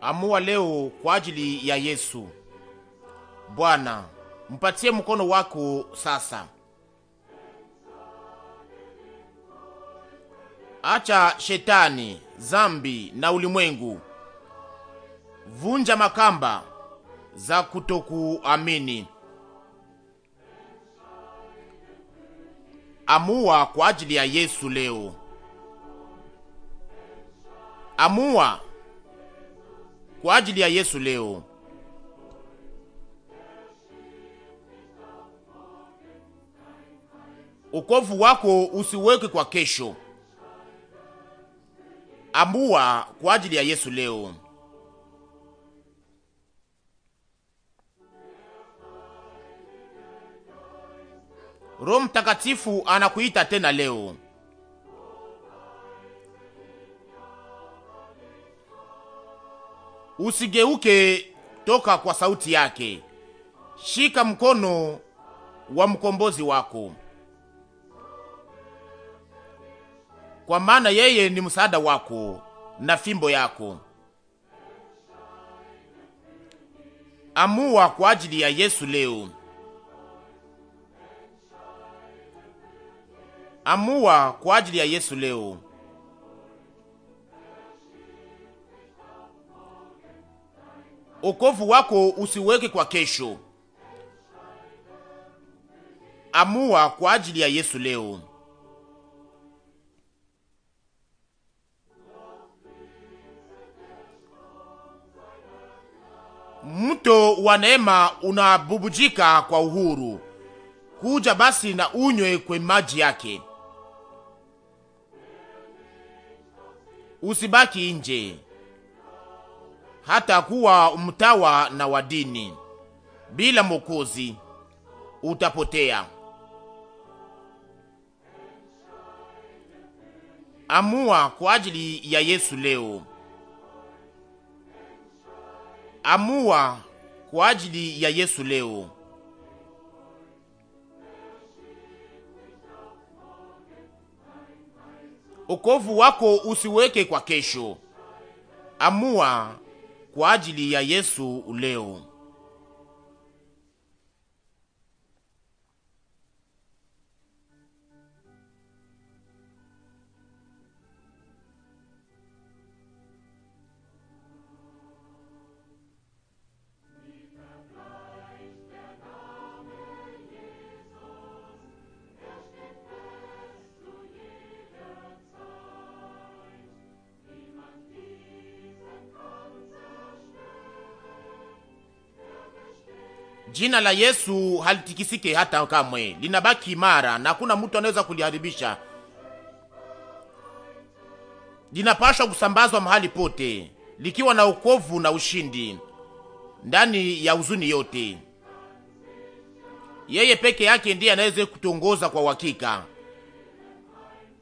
amua leo kwa ajili ya Yesu. Bwana, mpatie mkono wako sasa. Acha shetani, zambi na ulimwengu. Vunja makamba za kutokuamini. Amua kwa ajili ya Yesu leo. Amua kwa ajili ya Yesu leo. Ukovu wako usiweke kwa kesho. Ambua kwa ajili ya Yesu leo. Roho Mtakatifu anakuita tena leo. usigeuke toka kwa sauti yake. Shika mkono wa mkombozi wako, kwa maana yeye ni msaada wako na fimbo yako. Amua kwa ajili ya Yesu leo. Amua kwa ajili ya Yesu leo. Okovu wako usiweke kwa kesho. Amua kwa ajili ya Yesu leo. Mto wa neema unabubujika kwa uhuru. Kuja basi na unywe kwa maji yake. Usibaki nje hata kuwa mtawa na wa dini. Bila Mwokozi utapotea. Amua kwa ajili ya Yesu leo. Amua kwa ajili ya Yesu leo. Ukovu wako usiweke kwa kesho. Amua kwa ajili ya Yesu leo. Jina la Yesu halitikisike hata kamwe, linabaki imara na hakuna mtu anaweza kuliharibisha. Linapashwa kusambazwa mahali pote, likiwa na ukovu na ushindi ndani ya huzuni yote. Yeye peke yake ndiye anaweza kutongoza kwa uhakika,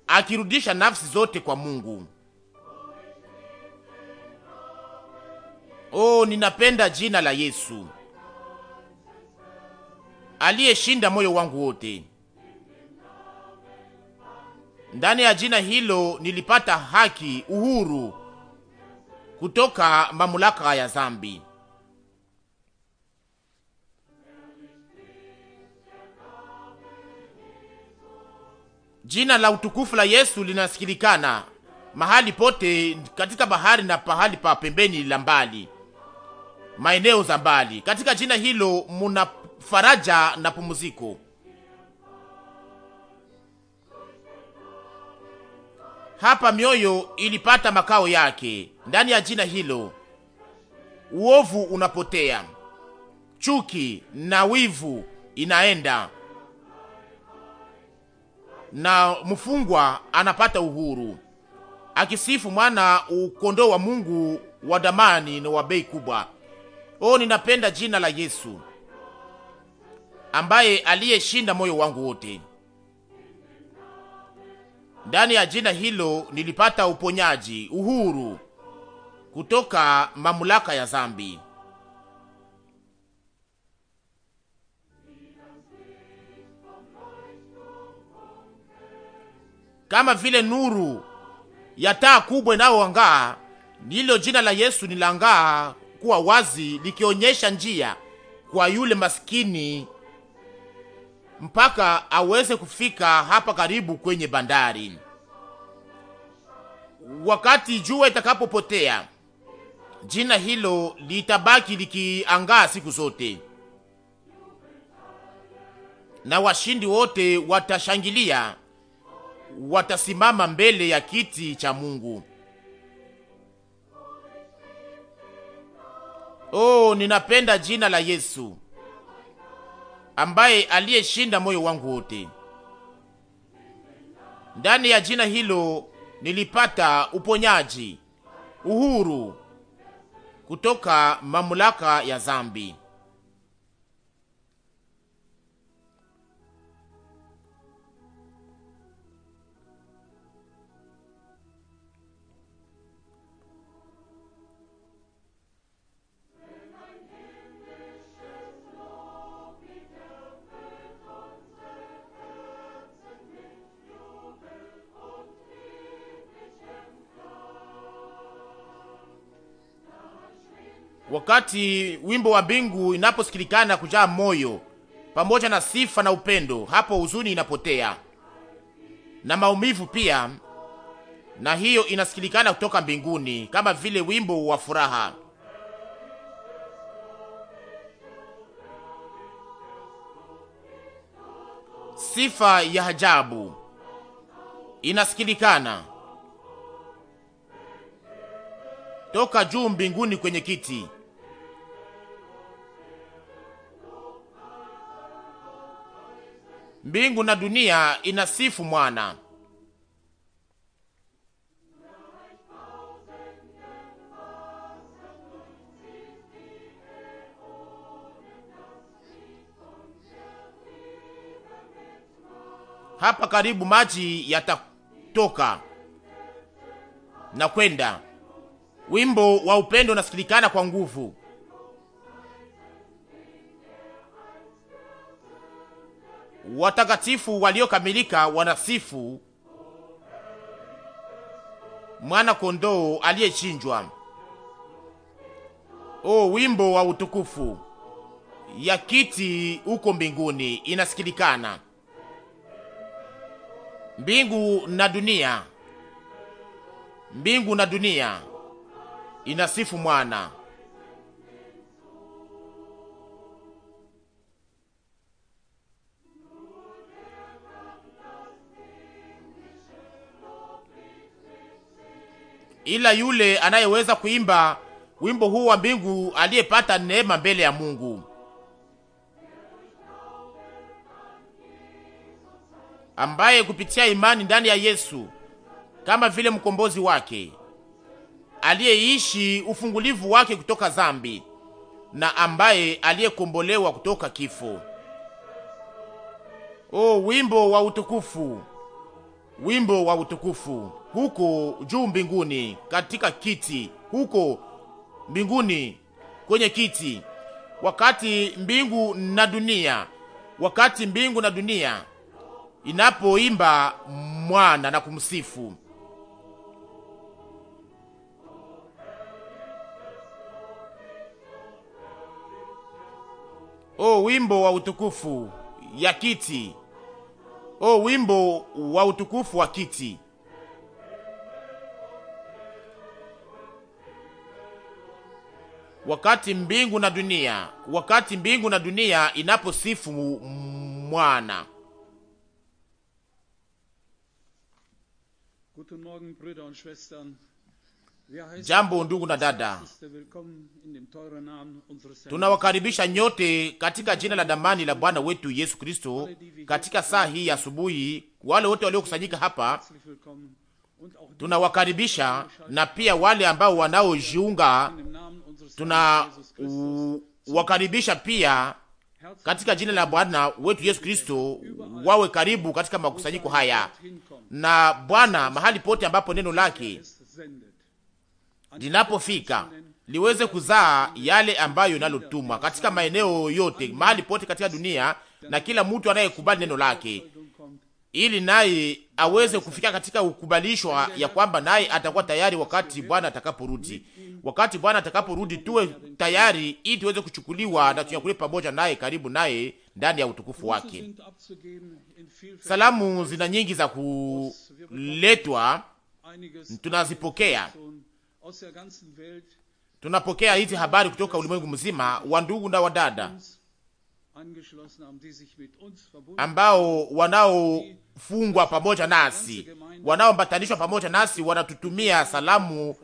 akirudisha nafsi zote kwa Mungu. Oh, ninapenda jina la Yesu aliyeshinda moyo wangu wote. Ndani ya jina hilo nilipata haki, uhuru kutoka mamlaka ya zambi. Jina la utukufu la Yesu linasikilikana mahali pote, katika bahari na pahali pa pembeni la mbali, maeneo za mbali. Katika jina hilo muna faraja na pumziko. Hapa mioyo ilipata makao yake ndani ya jina hilo. Uovu unapotea, chuki na wivu inaenda, na mfungwa anapata uhuru, akisifu mwana ukondoo wa Mungu wa damani na wa bei kubwa. Oh, ninapenda jina la Yesu ambaye aliyeshinda moyo wangu wote. Ndani ya jina hilo nilipata uponyaji, uhuru kutoka mamlaka ya zambi. Kama vile nuru ya taa kubwa inayoangaa, nilo jina la Yesu nilangaa kuwa wazi, likionyesha njia kwa yule maskini mpaka aweze kufika hapa karibu kwenye bandari. Wakati jua itakapopotea, jina hilo litabaki likiangaa siku zote, na washindi wote watashangilia, watasimama mbele ya kiti cha Mungu. Oh, ninapenda jina la Yesu ambaye aliyeshinda moyo wangu wote. Ndani ya jina hilo nilipata uponyaji, uhuru kutoka mamlaka ya zambi. wakati wimbo wa mbingu inaposikilikana kujaa moyo pamoja na sifa na upendo, hapo huzuni inapotea na maumivu pia, na hiyo inasikilikana kutoka mbinguni kama vile wimbo wa furaha. Sifa ya ajabu inasikilikana toka juu mbinguni kwenye kiti Mbingu na dunia inasifu mwana, hapa karibu maji yatatoka na kwenda. Wimbo wa upendo unasikilikana kwa nguvu. watakatifu waliokamilika wanasifu mwana kondoo aliyechinjwa. O, wimbo wa utukufu ya kiti huko mbinguni inasikilikana, mbingu na dunia, mbingu na dunia inasifu mwana ila yule anayeweza kuimba wimbo huu wa mbingu aliyepata neema mbele ya Mungu. ambaye kupitia imani ndani ya Yesu kama vile mkombozi wake aliyeishi ufungulivu wake kutoka dhambi na ambaye aliyekombolewa kutoka kifo. O, wimbo wa utukufu, wimbo wa utukufu! huko juu mbinguni katika kiti, huko mbinguni kwenye kiti, wakati mbingu na dunia, wakati mbingu na dunia inapoimba mwana na kumsifu. O wimbo wa utukufu ya kiti, o wimbo wa utukufu wa kiti. wakati mbingu na dunia, wakati mbingu na dunia inaposifu mwana. Jambo ndugu na dada, tunawakaribisha nyote katika jina la damani la Bwana wetu Yesu Kristo katika saa hii ya asubuhi. Wale wote waliokusanyika hapa tunawakaribisha, na pia wale ambao wanaojiunga tunawakaribisha pia katika jina la Bwana wetu Yesu Kristo wawe karibu katika makusanyiko haya, na Bwana mahali pote ambapo neno lake linapofika liweze kuzaa yale ambayo inalotumwa katika maeneo yote, mahali pote katika dunia, na kila mtu anayekubali neno lake, ili naye aweze kufika katika ukubalishwa ya kwamba naye atakuwa tayari wakati Bwana atakaporudi. Wakati Bwana atakaporudi tuwe tayari, ili tuweze kuchukuliwa na tunyakuliwe pamoja naye, karibu naye ndani ya utukufu wake. Salamu zina nyingi za kuletwa, tunazipokea tunapokea hizi habari kutoka ulimwengu mzima, wa ndugu na wadada ambao wanaofungwa pamoja nasi, wanaoambatanishwa pamoja nasi, wanatutumia salamu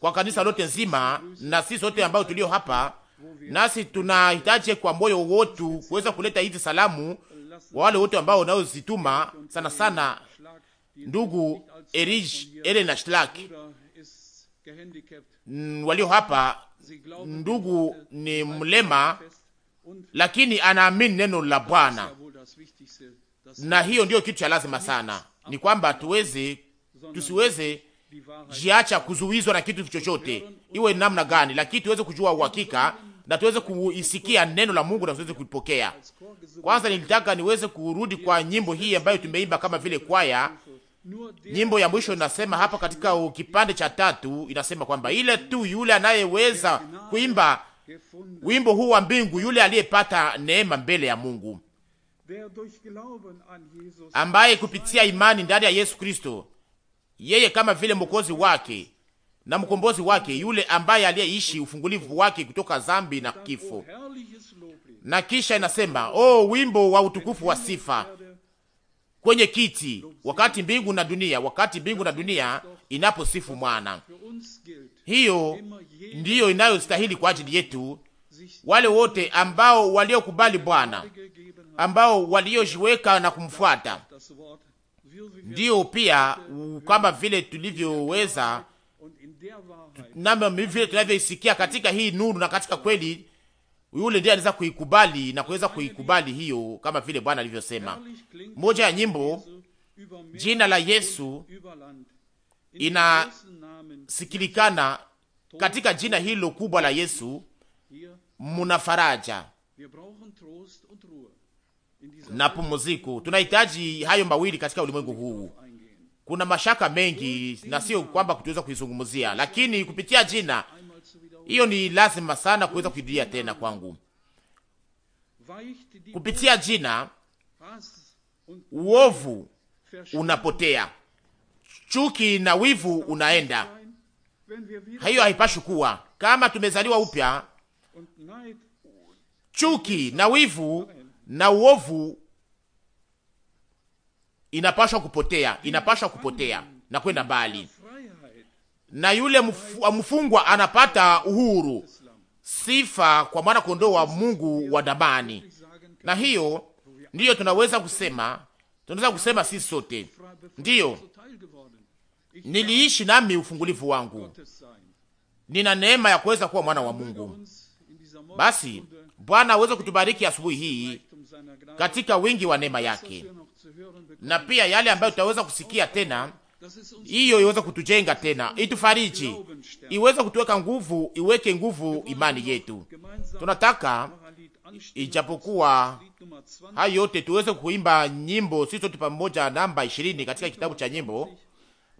kwa kanisa lote nzima na sisi sote ambao tulio hapa, nasi tunahitaji kwa moyo wotu kuweza kuleta hizi salamu kwa wale wote ambao wanaozituma, sana sana ndugu Erich Elena Shlak mm, walio hapa. Ndugu ni mlema, lakini anaamini neno la Bwana, na hiyo ndiyo kitu cha lazima sana, ni kwamba tuweze tusiweze jiacha kuzuizwa na kitu chochote, iwe namna gani, lakini tuweze kujua uhakika na tuweze kuisikia neno la Mungu na tuweze kulipokea. Kwanza nilitaka niweze kurudi kwa nyimbo hii ambayo tumeimba kama vile kwaya. Nyimbo ya mwisho inasema hapa katika kipande cha tatu, inasema kwamba ile tu yule anayeweza kuimba wimbo huu wa mbingu, yule aliyepata neema mbele ya Mungu, ambaye kupitia imani ndani ya Yesu Kristo yeye kama vile mwokozi wake na mkombozi wake, yule ambaye aliyeishi ufungulivu wake kutoka dhambi na kifo. Na kisha inasema oh, wimbo wa utukufu wa sifa kwenye kiti, wakati mbingu na dunia, wakati mbingu na dunia inaposifu mwana. Hiyo ndiyo inayostahili kwa ajili yetu, wale wote ambao waliokubali Bwana, ambao waliojiweka na kumfuata ndiyo pia kama vile tulivyoweza namna vile tunavyoisikia katika hii nuru na katika kweli, yule ndiye anaweza kuikubali na kuweza kuikubali hiyo, kama vile Bwana alivyosema. Moja ya nyimbo jina la Yesu inasikilikana katika jina hilo kubwa la Yesu muna faraja na pumziko. Tunahitaji hayo mawili katika ulimwengu huu. Kuna mashaka mengi, na sio kwamba kutuweza kuizungumzia, lakini kupitia jina hiyo ni lazima sana kuweza kuidia tena kwangu kupitia jina uovu unapotea, chuki na wivu unaenda. Hiyo haipashi kuwa kama tumezaliwa upya. Chuki na wivu na uovu inapashwa kupotea, inapashwa kupotea na kwenda mbali, na yule mfungwa anapata uhuru. Sifa kwa mwana kondoo wa Mungu wa damani. Na hiyo ndiyo tunaweza kusema, tunaweza kusema sisi sote ndiyo, niliishi nami ufungulivu wangu, nina neema ya kuweza kuwa mwana wa Mungu. Basi Bwana aweze kutubariki asubuhi hii katika wingi wa neema yake, na pia yale ambayo tutaweza kusikia tena, hiyo iweze kutujenga tena, itufariji, iweze kutuweka nguvu, iweke nguvu imani yetu. Tunataka ijapokuwa hayo yote tuweze kuimba nyimbo sisi sote pamoja, namba ishirini katika kitabu cha nyimbo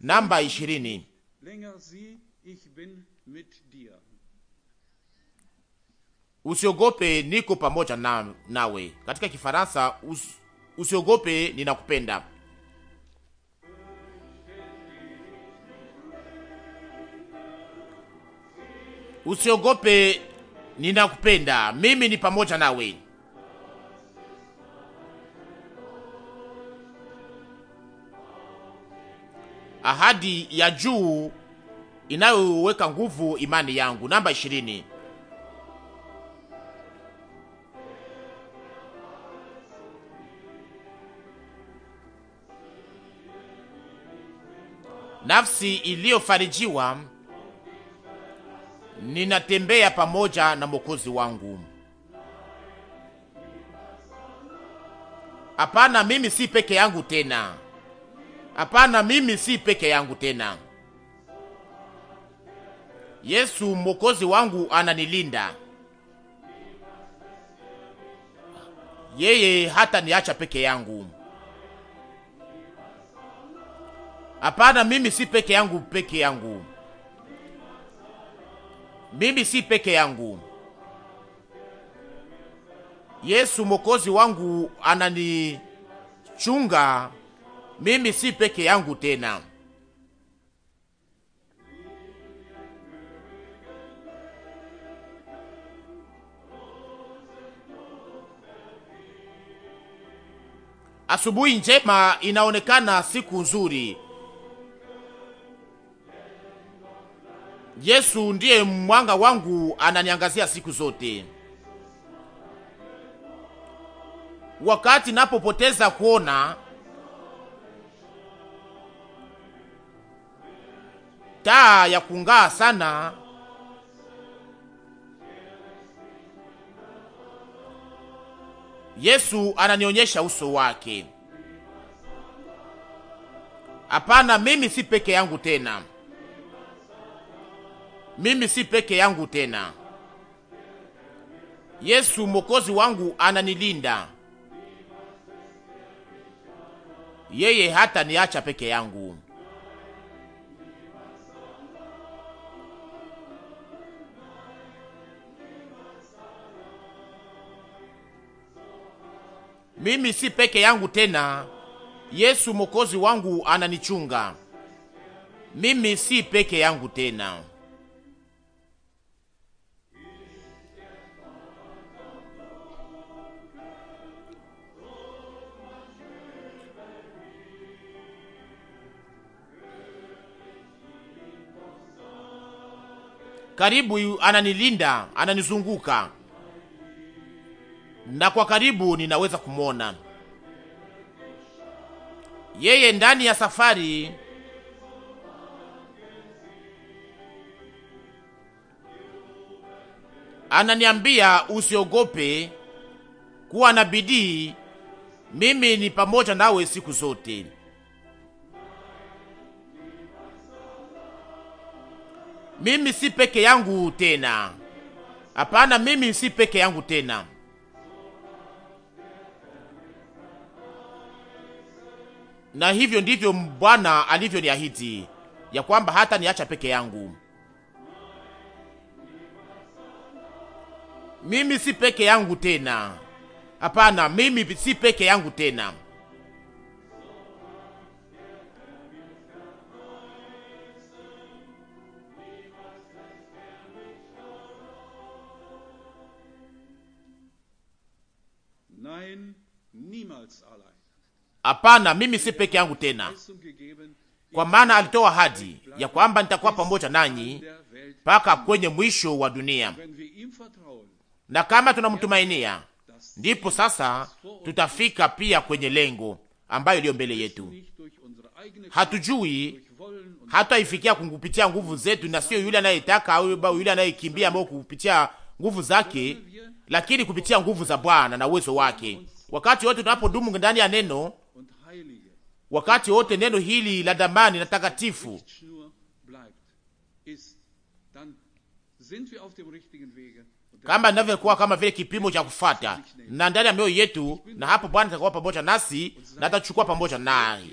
namba ishirini usiogope, niko pamoja na, nawe. Katika Kifaransa us, usiogope, ninakupenda. Usiogope, ninakupenda, mimi ni pamoja nawe. Ahadi ya juu inayoweka nguvu imani yangu. Namba ishirini. nafsi iliyofarijiwa, ninatembea pamoja na mwokozi wangu. Hapana, mimi si peke yangu tena. Hapana, mimi si peke yangu tena. Yesu mwokozi wangu ananilinda yeye, hata niacha peke yangu. Hapana, mimi si peke yangu, peke yangu mimi si peke yangu. Yesu Mwokozi wangu ananichunga mimi, si peke yangu tena. Asubuhi njema inaonekana siku nzuri, Yesu ndiye mwanga wangu, ananiangazia siku zote. Wakati napopoteza kuona, taa ya kung'aa sana Yesu ananionyesha uso wake. Hapana, mimi si peke yangu tena mimi si peke yangu tena. Yesu mwokozi wangu ananilinda, yeye hata niacha peke yangu. Mimi si peke yangu tena, Yesu mwokozi wangu ananichunga. Mimi si peke yangu tena. karibu ananilinda, ananizunguka na kwa karibu ninaweza kumwona yeye ndani ya safari ananiambia usiogope, kuwa na bidii, mimi ni pamoja nawe siku zote. mimi si peke yangu tena. Hapana, mimi si peke yangu tena. Na hivyo ndivyo Bwana alivyoniahidi ya kwamba hata niacha peke yangu. Mimi si peke yangu tena. Hapana, mimi si peke yangu tena. Hapana, mimi si peke yangu tena, kwa maana alitoa ahadi ya kwamba nitakuwa pamoja nanyi mpaka kwenye mwisho wa dunia, na kama tunamtumainia, ndipo sasa tutafika pia kwenye lengo ambayo iliyo mbele yetu. Hatujui hatutaifikia kupitia nguvu zetu, na sio yule anayetaka au yule anayekimbia ambao kupitia nguvu zake, lakini kupitia nguvu za Bwana na uwezo wake. Wakati wote tunapodumu ndani ya neno wakati wote neno hili la damani na takatifu kama inavyokuwa kama vile kipimo cha kufata na ndani ya mioyo yetu, na hapo Bwana atakuwa pamoja nasi na atachukua pamoja naye,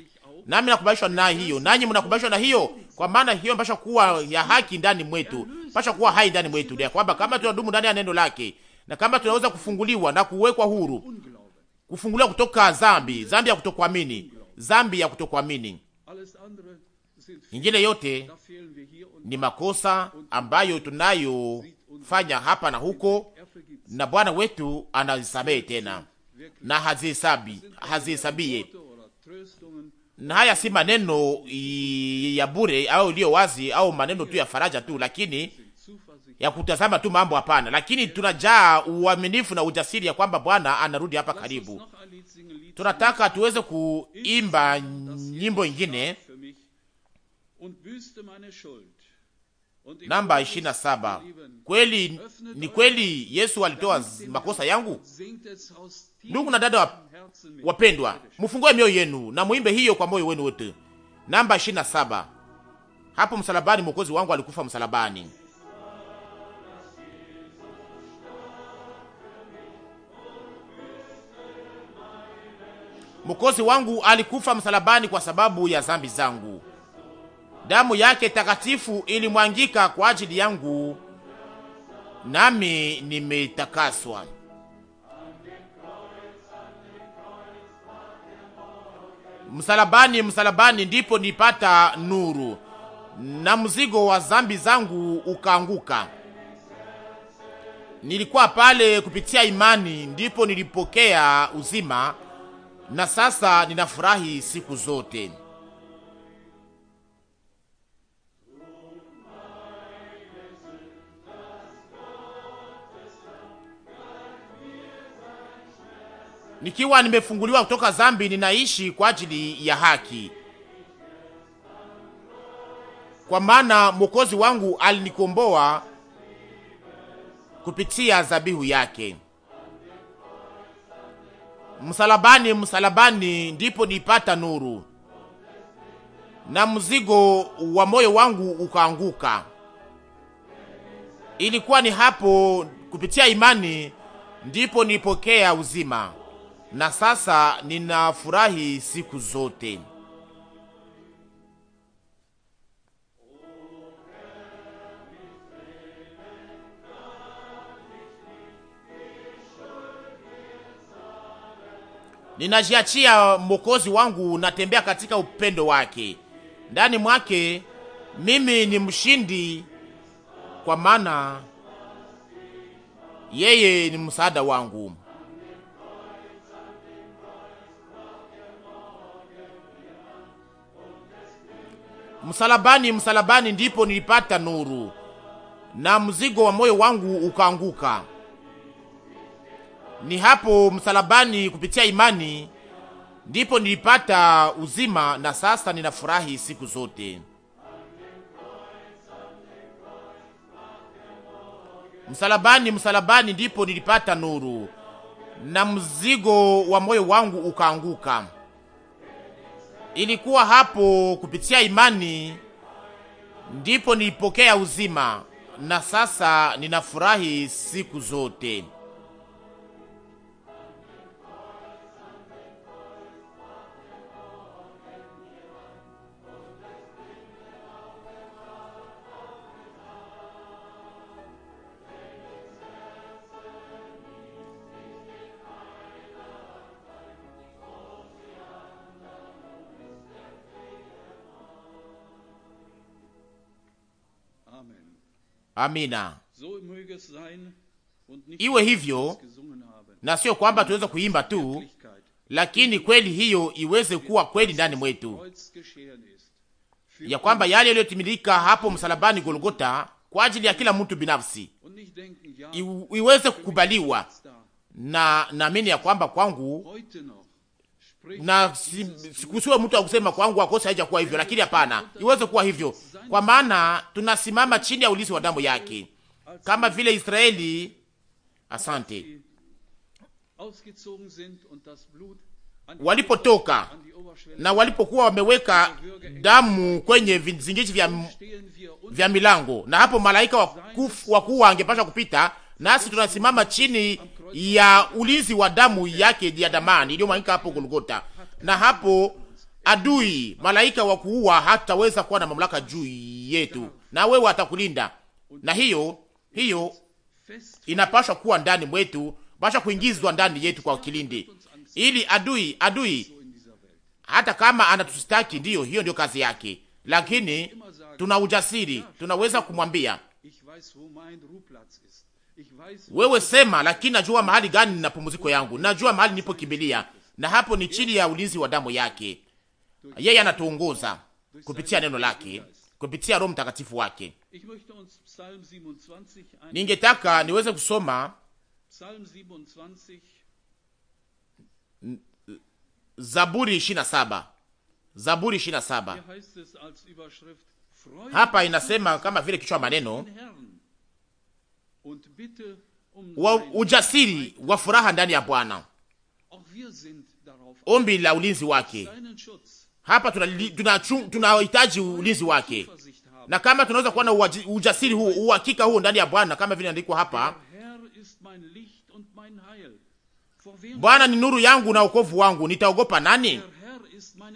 nami nakubalishwa na hiyo, nanyi mnakubalishwa na hiyo, kwa maana hiyo mpasha kuwa ya haki ndani mwetu, mpasha kuwa hai ndani mwetu, ya kwamba kama tunadumu ndani ya neno lake na kama tunaweza kufunguliwa na kuwekwa huru kufungulia kutoka zambi, zambi ya kutokuamini, zambi ya kutokuamini. Ingine yote ni makosa er ambayo tunayofanya hapa na huko, er na Bwana wetu anazisamehe tena na hazihesabi hazihesabie. Na haya si maneno ya bure au iliyo wazi au maneno tu ya faraja tu, lakini ya kutazama tu mambo, hapana, lakini tunajaa uaminifu na ujasiri ya kwamba Bwana anarudi hapa karibu. Tunataka tuweze kuimba nyimbo ingine namba 27. Er kweli ni kweli, Yesu alitoa makosa yangu. Ndugu na dada wapendwa, mfungue mioyo yenu na muimbe hiyo kwa moyo wenu wote. Namba 27, hapo msalabani mwokozi wangu alikufa msalabani. mukozi wangu alikufa msalabani kwa sababu ya zambi zangu. Damu yake takatifu ilimwangika kwa ajili yangu, nami nimetakaswa. Msalabani, msalabani ndipo nipata nuru, na mzigo wa zambi zangu ukaanguka. Nilikuwa pale kupitia imani, ndipo nilipokea uzima na sasa ninafurahi siku zote. Nikiwa nimefunguliwa kutoka dhambi, ninaishi kwa ajili ya haki, kwa maana Mwokozi wangu alinikomboa kupitia dhabihu yake msalabani, msalabani, ndipo nipata nuru na mzigo wa moyo wangu ukaanguka. Ilikuwa ni hapo, kupitia imani ndipo nipokea uzima, na sasa ninafurahi siku zote. ninajiachia mwokozi wangu, natembea katika upendo wake, ndani mwake mimi ni mshindi, kwa maana yeye ni msaada wangu. Msalabani, msalabani ndipo nilipata nuru na mzigo wa moyo wangu ukaanguka. Ni hapo msalabani, kupitia imani ndipo nilipata uzima, na sasa ninafurahi siku zote. Msalabani, msalabani ndipo nilipata nuru na mzigo wa moyo wangu ukaanguka. Ilikuwa hapo kupitia imani ndipo nilipokea uzima, na sasa ninafurahi siku zote. Amina. Iwe hivyo, na sio kwamba tuweze kuimba tu, lakini kweli hiyo iweze kuwa kweli ndani mwetu, ya kwamba yale yaliyotimilika hapo msalabani Golgota kwa ajili ya kila mtu binafsi iweze kukubaliwa, na naamini ya kwamba kwangu na si, sikusiwe mtu akusema kwangu akose haija kuwa hivyo, lakini hapana, iweze kuwa hivyo, kwa maana tunasimama chini ya ulisi wa damu yake, kama vile Israeli. Asante, walipotoka na walipokuwa wameweka damu kwenye vizingiti vya, vya milango, na hapo malaika wakuu wangepasha kupita, nasi tunasimama chini ya ulinzi wa damu yake ya damani iliyomwagika hapo Golgota, na hapo adui malaika wa kuua hataweza kuwa na mamlaka juu yetu, na wewe atakulinda. Na hiyo hiyo inapaswa kuwa ndani mwetu, pasha kuingizwa ndani yetu kwa kilindi, ili adui adui hata kama anatusitaki, ndiyo hiyo ndio kazi yake, lakini tuna ujasiri, tunaweza kumwambia wewe sema, lakini najua mahali gani nina pumziko yangu, najua mahali nipo kibilia na hapo ni chini ya ulinzi wa damu yake. Yeye anatuongoza kupitia neno lake, kupitia Roho Mtakatifu wake. Ningetaka niweze kusoma Zaburi 27. Zaburi 27. Hapa inasema kama vile kichwa maneno Um wa ujasiri wa furaha ndani ya Bwana, ombi la ulinzi wake. Hapa tunahitaji tuna, tuna ulinzi wake, na kama tunaweza kuwa na ujasiri huo, uhakika huo ndani ya Bwana, kama vile andikwa hapa, Bwana ni nuru yangu na wokovu wangu, nitaogopa nani?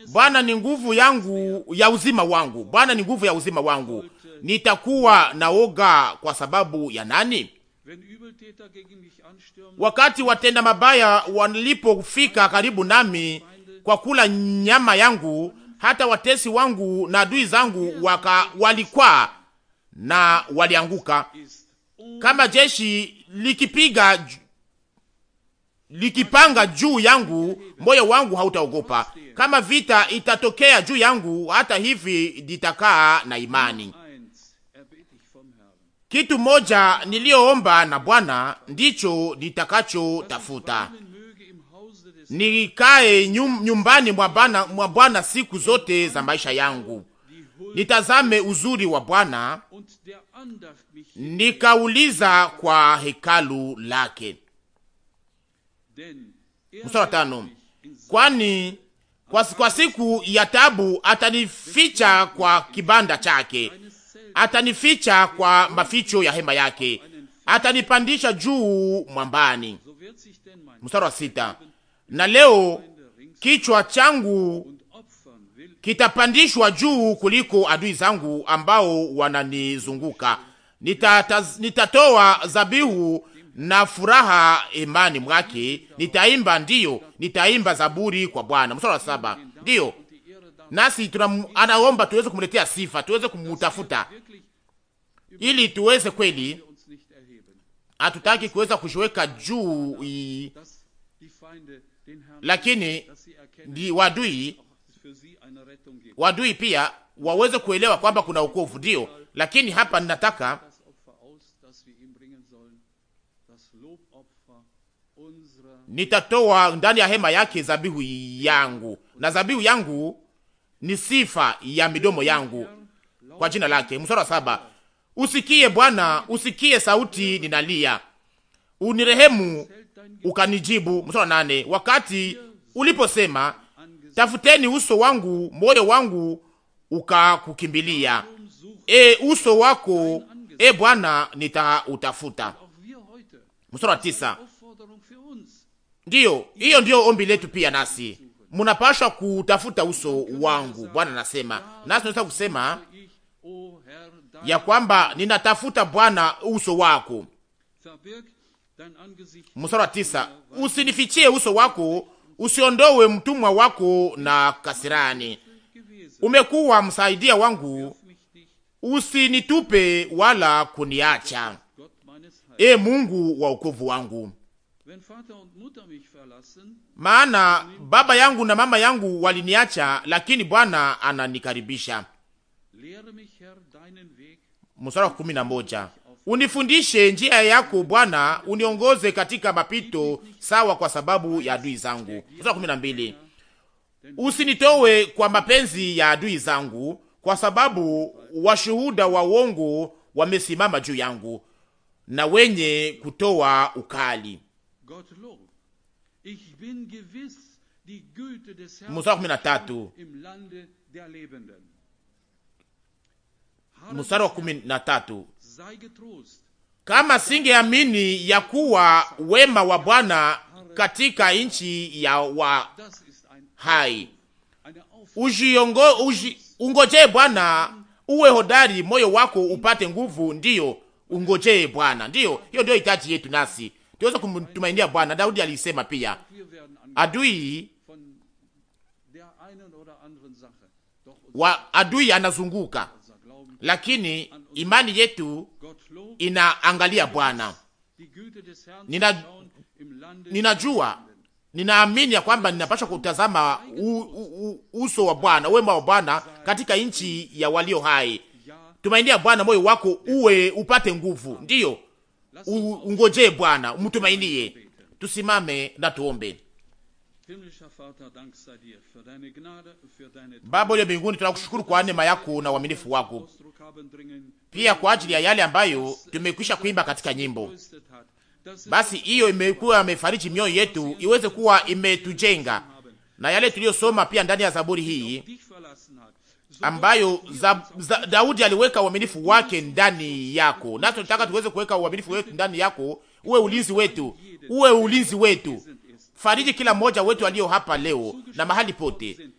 Bwana ni nguvu yangu ya uzima wangu, Bwana ni nguvu ya uzima wangu nitakuwa na woga kwa sababu ya nani? Wakati watenda mabaya walipofika karibu nami kwa kula nyama yangu, hata watesi wangu na adui zangu waka walikwaa na walianguka kama jeshi likipiga likipanga juu yangu, moyo wangu hautaogopa. Kama vita itatokea juu yangu, hata hivi nitakaa na imani. Kitu moja niliyoomba na Bwana ndicho tafuta nikae nyumbani mwa Bwana siku zote za maisha yangu, nitazame uzuri wa Bwana, nikauliza kwa hekalu lake. Mstari tano, kwani kwa, kwa siku ya tabu atanificha kwa kibanda chake atanificha kwa maficho ya hema yake, atanipandisha juu mwambani. Mstari wa sita. Na leo kichwa changu kitapandishwa juu kuliko adui zangu ambao wananizunguka. Nitatoa nitatoa zabihu na furaha imani mwake, nitaimba ndiyo, nitaimba zaburi kwa Bwana. Mstari wa saba. Ndiyo nasi tuna, anaomba tuweze kumletea sifa, tuweze kumutafuta ili tuweze kweli. Hatutaki kuweza kujiweka juu lakini ndi wadui wadui pia waweze kuelewa kwamba kuna ukovu ndio, lakini hapa ninataka nitatoa ndani ya hema yake zabihu yangu na zabihu yangu ni sifa ya midomo yangu kwa jina lake. Mstari wa saba, usikie Bwana, usikie sauti ninalia, unirehemu ukanijibu. Mstari wa nane, wakati uliposema tafuteni uso wangu, moyo wangu ukakukimbilia. E, uso wako e Bwana nitautafuta. Mstari wa tisa, ndiyo hiyo, ndiyo ombi letu pia nasi munapashwa kutafuta uso wangu, Bwana anasema. Nasi tunaweza kusema ya kwamba ninatafuta Bwana uso wako. Mstari wa tisa, usinifichie uso wako, usiondowe mtumwa wako na kasirani. Umekuwa msaidia wangu, usinitupe wala kuniacha, e Mungu wa ukovu wangu maana baba yangu na mama yangu waliniacha, lakini Bwana ananikaribisha. Mstari wa kumi na moja unifundishe njia yako Bwana, uniongoze katika mapito sawa kwa sababu ya adui zangu. Mstari wa kumi na mbili usinitowe kwa mapenzi ya adui zangu, kwa sababu washuhuda wa uongo wamesimama juu yangu na wenye kutoa ukali. Gott Ich bin gewiss, die Güte des Herrn im Lande der Lebenden. Musaro wa kumi na tatu. Kama singeamini ya kuwa wema wa Bwana katika nchi ya wa hai, ungojee Bwana, uwe hodari, moyo wako upate nguvu. Ndiyo, ungojee Bwana. Ndiyo, hiyo ndio hitaji yetu nasi tuweze kumtumainia Bwana. Daudi alisema pia, adui wa adui anazunguka, lakini imani yetu inaangalia Bwana. Nina, ninajua ninaamini ya kwamba ninapaswa kutazama u, u, uso wa Bwana, wema wa Bwana katika nchi ya walio hai. Tumainia Bwana, moyo wako uwe upate nguvu, ndiyo Ungojee Bwana, umtumainie. Tusimame na tuombe. Baba uliye mbinguni, tunakushukuru kwa neema yako na uaminifu wako, pia kwa ajili ya yale ambayo tumekwisha kuimba katika nyimbo. Basi hiyo imekuwa imefariji mioyo yetu, iweze kuwa imetujenga na yale tuliyosoma pia ndani ya zaburi hii ambayo za, za, Daudi aliweka uaminifu wake ndani yako, na tunataka tuweze kuweka uaminifu wetu ndani yako. Uwe ulinzi wetu, uwe ulinzi wetu. Fariji kila mmoja wetu aliyo hapa leo na mahali pote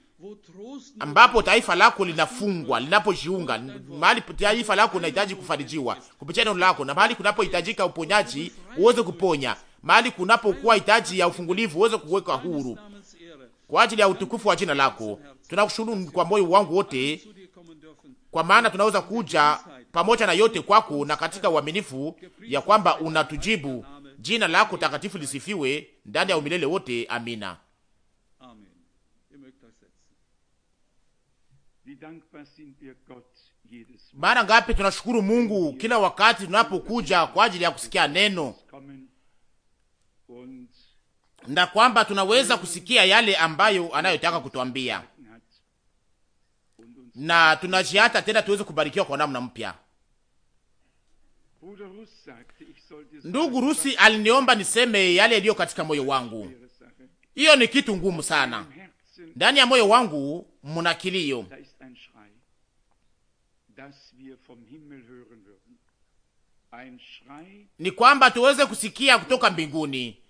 ambapo taifa lako linafungwa linapojiunga, mahali taifa lako linahitaji kufarijiwa kupitia neno lako, na mahali kunapohitajika uponyaji uweze kuponya, mahali kunapokuwa hitaji ya ufungulivu uweze kuweka huru kwa ajili ya utukufu wa jina lako. Tunakushukuru kwa moyo wangu wote, kwa maana tunaweza kuja pamoja na yote kwako na katika uaminifu ya kwamba unatujibu. Jina lako takatifu lisifiwe ndani ya umilele wote. Amina. Mara ngapi tunashukuru Mungu kila wakati tunapokuja kwa ajili ya kusikia neno na kwamba tunaweza kusikia yale ambayo anayotaka kutuambia, na tunajiata tena tuweze kubarikiwa kwa namna mpya. Ndugu Rusi aliniomba niseme yale yaliyo katika moyo wangu. Hiyo ni kitu ngumu sana. Ndani ya moyo wangu muna kilio, ni kwamba tuweze kusikia kutoka mbinguni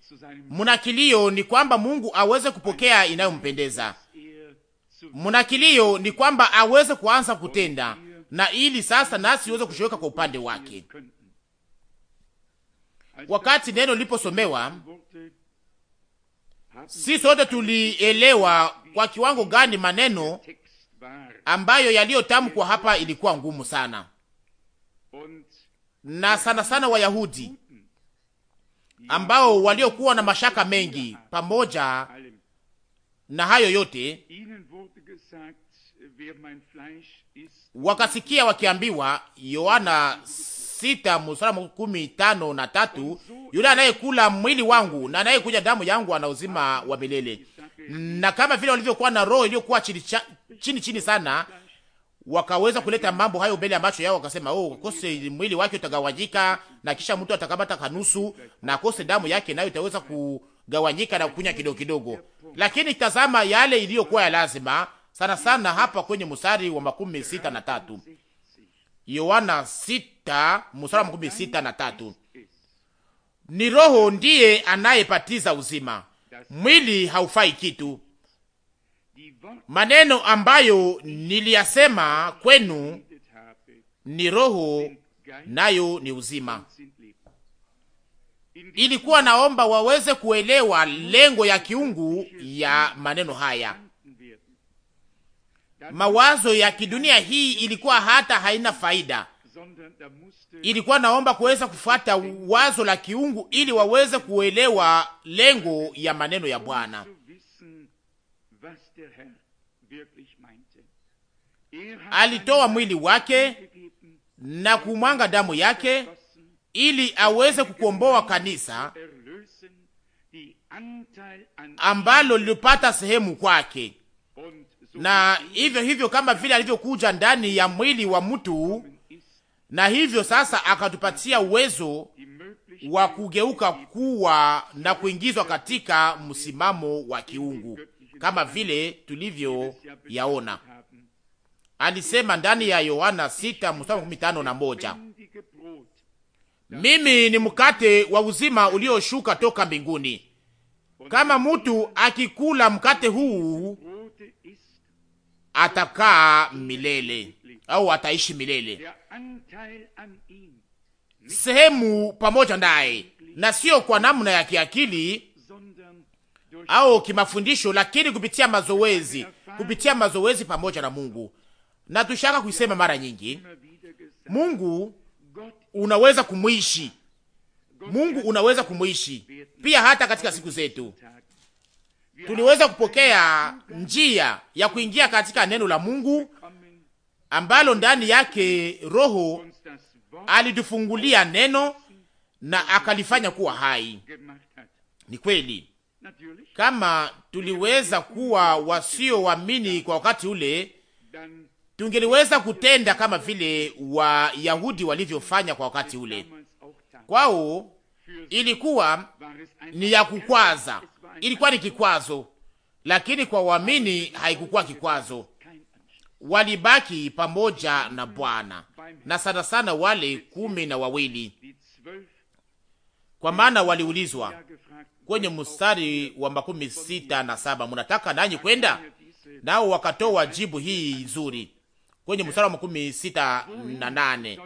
Munakilio ni kwamba Mungu aweze kupokea inayompendeza. Munakilio ni kwamba aweze kuanza kutenda, na ili sasa nasi iweze kushoweka kwa upande wake. Wakati neno liliposomewa, si sote tulielewa kwa kiwango gani maneno ambayo yaliyotamkwa hapa ilikuwa ngumu sana, na sana sana Wayahudi ambao waliokuwa na mashaka mengi. Pamoja na hayo yote, wakasikia wakiambiwa, Yohana sita mstari kumi tano na tatu, yule anayekula mwili wangu na anayekuja damu yangu ana uzima wa milele. Na kama vile walivyokuwa na roho iliyokuwa chini chini sana wakaweza kuleta mambo hayo mbele ya macho yao, wakasema oh, kose mwili wake utagawanyika na kisha mtu atakamata kanusu na kose damu yake nayo itaweza kugawanyika na kunya kidogo kidogo. Lakini tazama yale iliyokuwa ya lazima sana sana hapa kwenye mstari wa makumi sita na tatu Yohana sita mstari wa makumi sita na tatu ni Roho ndiye anayepatiza uzima, mwili haufai kitu maneno ambayo niliyasema kwenu ni roho nayo ni uzima. Ilikuwa naomba waweze kuelewa lengo ya kiungu ya maneno haya. Mawazo ya kidunia hii ilikuwa hata haina faida. Ilikuwa naomba kuweza kufuata wazo la kiungu ili waweze kuelewa lengo ya maneno ya Bwana. Er Alitoa mwili wake na kumwanga damu yake ili aweze um kukomboa kanisa ambalo lilipata sehemu kwake, na er hivyo hivyo kama vile alivyokuja ndani ya mwili wa mtu, na hivyo sasa akatupatia uwezo wa kugeuka kuwa na kuingizwa er katika msimamo wa kiungu kama vile tulivyo yaona. Alisema ndani ya Yohana 6 mstari makumi na moja mimi ni mkate wa uzima ulioshuka toka mbinguni. Kama mtu akikula mkate huu atakaa milele au ataishi milele. Sehemu pamoja naye, na sio kwa namna ya kiakili, au kimafundisho, lakini kupitia mazoezi, kupitia mazoezi pamoja na Mungu. Na tushaka kuisema mara nyingi, Mungu unaweza kumwishi, Mungu unaweza kumwishi pia hata katika siku zetu. Tuliweza kupokea njia ya kuingia katika neno la Mungu ambalo ndani yake Roho alitufungulia neno na akalifanya kuwa hai. Ni kweli kama tuliweza kuwa wasioamini kwa wakati ule, tungeliweza kutenda kama vile Wayahudi walivyofanya kwa wakati ule. Kwao ilikuwa ni ya kukwaza, ilikuwa ni kikwazo, lakini kwa waamini haikukuwa kikwazo. Walibaki pamoja na Bwana na sana sana wale kumi na wawili, kwa maana waliulizwa kwenye mstari wa makumi sita na saba munataka nanyi kwenda nao, wakatoa jibu hii nzuri kwenye mstari wa makumi sita na nane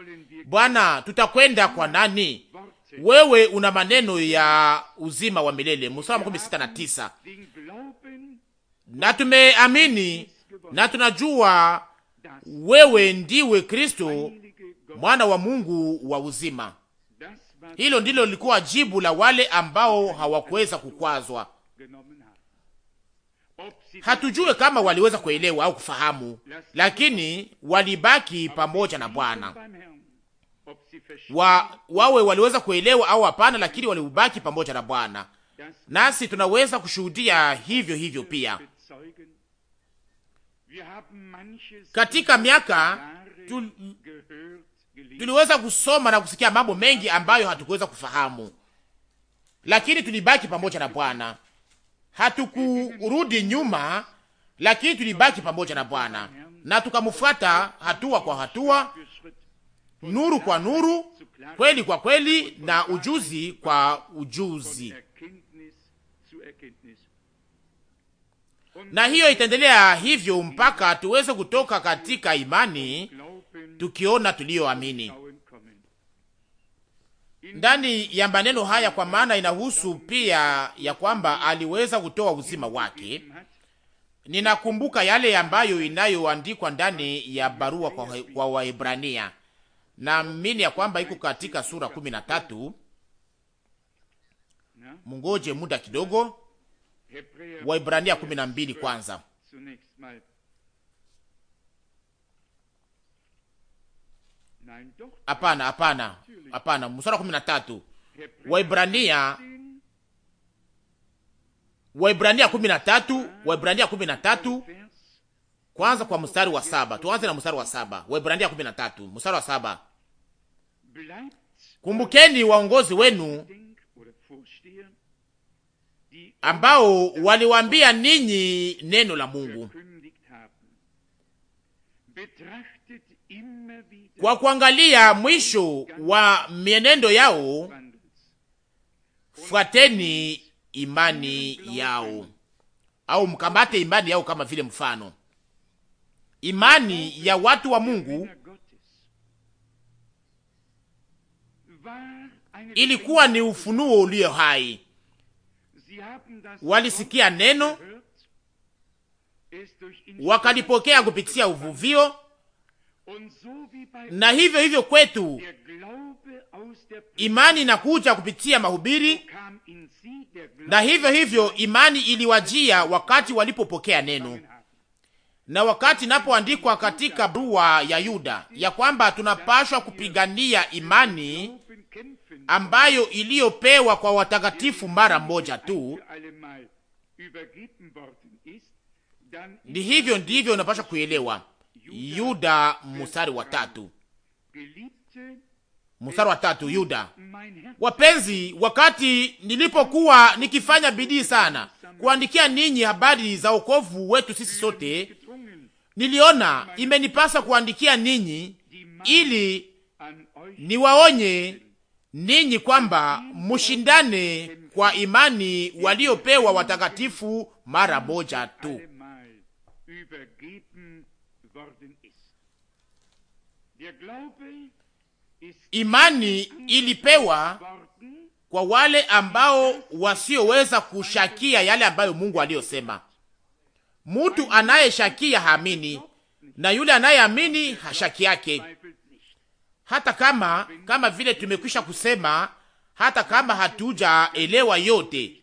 Bwana, tutakwenda kwa nani? Wewe una maneno ya uzima wa milele. Mstari wa makumi sita na tisa na tumeamini na tunajua wewe ndiwe Kristo mwana wa Mungu wa uzima. Hilo ndilo lilikuwa jibu la wale ambao hawakuweza kukwazwa. Hatujue kama waliweza kuelewa au kufahamu, lakini walibaki pamoja na Bwana. Wa, wawe waliweza kuelewa au hapana, lakini walibaki pamoja na Bwana. Nasi tunaweza kushuhudia hivyo hivyo pia katika miaka tu, Tuliweza kusoma na kusikia mambo mengi ambayo hatukuweza kufahamu, lakini tulibaki pamoja na Bwana. Hatukurudi nyuma, lakini tulibaki pamoja na Bwana na tukamfuata hatua kwa hatua, nuru kwa nuru, kweli kwa kweli, na ujuzi kwa ujuzi, na hiyo itaendelea hivyo mpaka tuweze kutoka katika imani tukiona tuliyoamini ndani ya maneno haya, kwa maana inahusu pia ya kwamba aliweza kutoa uzima wake. Ninakumbuka yale ambayo inayoandikwa ndani ya barua kwa Waebrania, naamini ya kwamba iko katika sura kumi na tatu. Mungoje muda kidogo, Waebrania kumi na mbili kwanza Hapana, hapana, hapana. Mstari wa kumi na tatu Waibrania, Waibrania kumi na tatu Waibrania kumi na tatu kwanza kwa mstari wa saba. Tuanze na mstari wa saba, Waibrania kumi na tatu mstari wa saba. Kumbukeni waongozi wenu ambao waliwaambia ninyi neno la Mungu kwa kuangalia mwisho wa mienendo yao, fuateni imani yao, au mkambate imani yao kama vile mfano. Imani ya watu wa Mungu ilikuwa ni ufunuo ulio hai. Walisikia neno, wakalipokea kupitia uvuvio na hivyo hivyo kwetu imani inakuja kupitia mahubiri, na hivyo hivyo imani iliwajia wakati walipopokea neno. Na wakati inapoandikwa katika barua ya Yuda ya kwamba tunapashwa kupigania imani ambayo iliyopewa kwa watakatifu mara moja tu, ni hivyo ndivyo unapashwa kuelewa Yuda mstari wa tatu, mstari wa tatu, Yuda. Wapenzi, wakati nilipokuwa nikifanya bidii sana kuandikia ninyi habari za wokovu wetu sisi sote, niliona imenipasa kuandikia ninyi ili niwaonye ninyi kwamba mushindane kwa imani waliopewa watakatifu mara moja tu. Imani ilipewa kwa wale ambao wasioweza kushakia yale ambayo Mungu aliyosema. Mtu anayeshakia haamini, na yule anayeamini hashaki yake. Hata kama kama vile tumekwisha kusema, hata kama hatujaelewa yote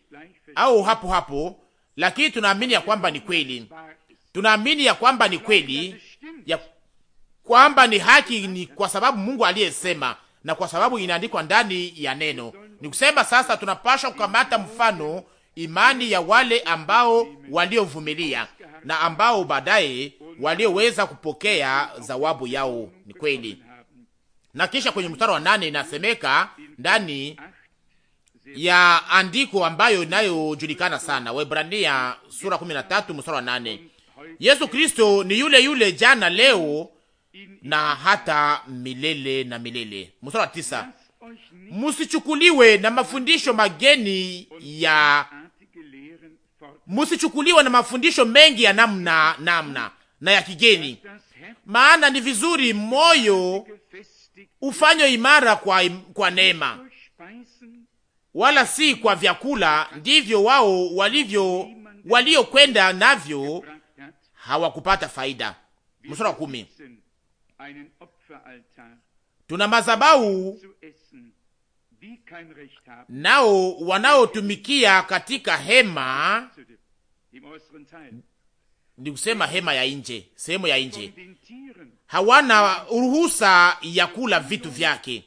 au hapo hapo, lakini tunaamini ya kwamba ni kweli, tunaamini ya kwamba ni kweli ya kwamba ni haki ni kwa sababu Mungu aliyesema na kwa sababu inaandikwa ndani ya neno. Ni kusema sasa tunapashwa kukamata mfano imani ya wale ambao waliovumilia na ambao baadaye walioweza kupokea zawabu yao. Ni kweli. Na kisha kwenye mstari wa nane inasemeka ndani ya andiko ambayo inayojulikana sana, Waebrania sura 13 mstari wa nane, Yesu Kristo ni yule yule jana, leo na hata milele na milele. Mstari wa tisa, musichukuliwe na mafundisho mageni ya musichukuliwe na mafundisho mengi ya namna namna na ya kigeni, maana ni vizuri moyo ufanywe imara kwa, kwa neema wala si kwa vyakula, ndivyo wao walivyo waliokwenda navyo hawakupata faida. Msura wa kumi tuna mazabau nao wanaotumikia katika hema, ni kusema hema ya nje, sehemu ya nje, hawana ruhusa ya kula vitu vyake.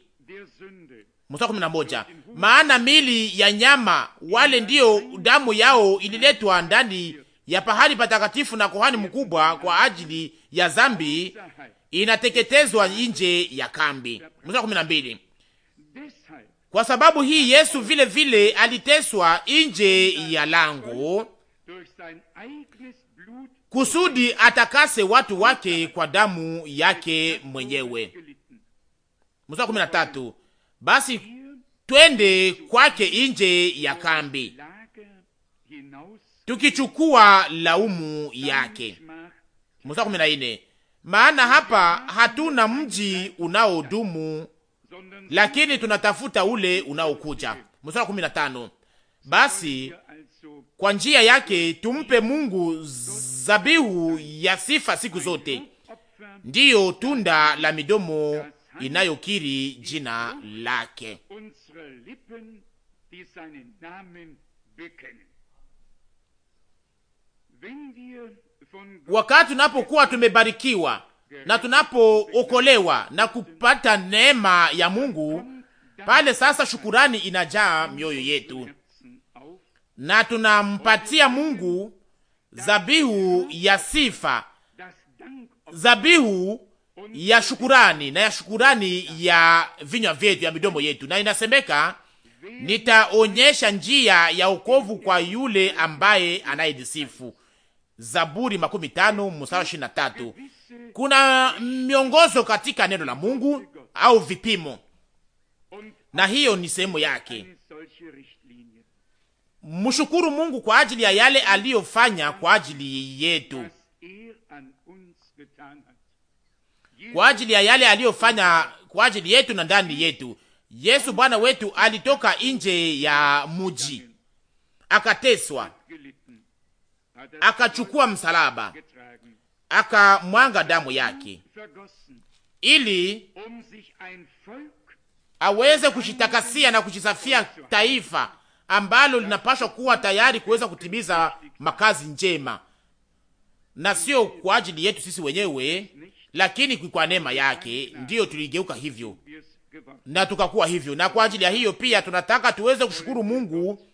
Mstari kumi na moja, maana mili ya nyama wale ndiyo damu yao ililetwa ndani ya pahali patakatifu na kohani mkubwa kwa ajili ya zambi inateketezwa nje ya kambi. Mstari kumi na mbili. Kwa sababu hii Yesu vile vile aliteswa nje ya lango kusudi atakase watu wake kwa damu yake mwenyewe. Mstari kumi na tatu. Basi twende kwake nje ya kambi tukichukua laumu yake. Mstari kumi na nne maana hapa hatuna mji unaodumu, lakini tunatafuta ule unaokuja. Mstari kumi na tano, basi kwa njia yake tumpe Mungu zabihu ya sifa siku zote, ndiyo tunda la midomo inayokiri jina lake wakati tunapokuwa tumebarikiwa na tunapookolewa na kupata neema ya Mungu, pale sasa shukurani inajaa mioyo yetu na tunampatia Mungu zabihu ya sifa, zabihu ya shukurani na ya shukurani ya vinywa vyetu, ya midomo yetu. Na inasemeka, nitaonyesha njia ya wokovu kwa yule ambaye anayedisifu. Zaburi makumi tano mstari ishirini na tatu. Kuna miongozo katika neno la Mungu au vipimo, na hiyo ni sehemu yake. Mshukuru Mungu kwa ajili ya yale aliyofanya kwa ajili yetu, kwa ajili ya yale aliyofanya kwa ajili yetu na ndani yetu. Yesu Bwana wetu alitoka nje ya muji akateswa akachukua msalaba, akamwanga damu yake ili aweze kushitakasia na kuchisafia taifa ambalo linapashwa kuwa tayari kuweza kutimiza makazi njema, na sio kwa ajili yetu sisi wenyewe, lakini kwa neema yake ndiyo tuligeuka hivyo na tukakuwa hivyo. Na kwa ajili ya hiyo pia tunataka tuweze kushukuru Mungu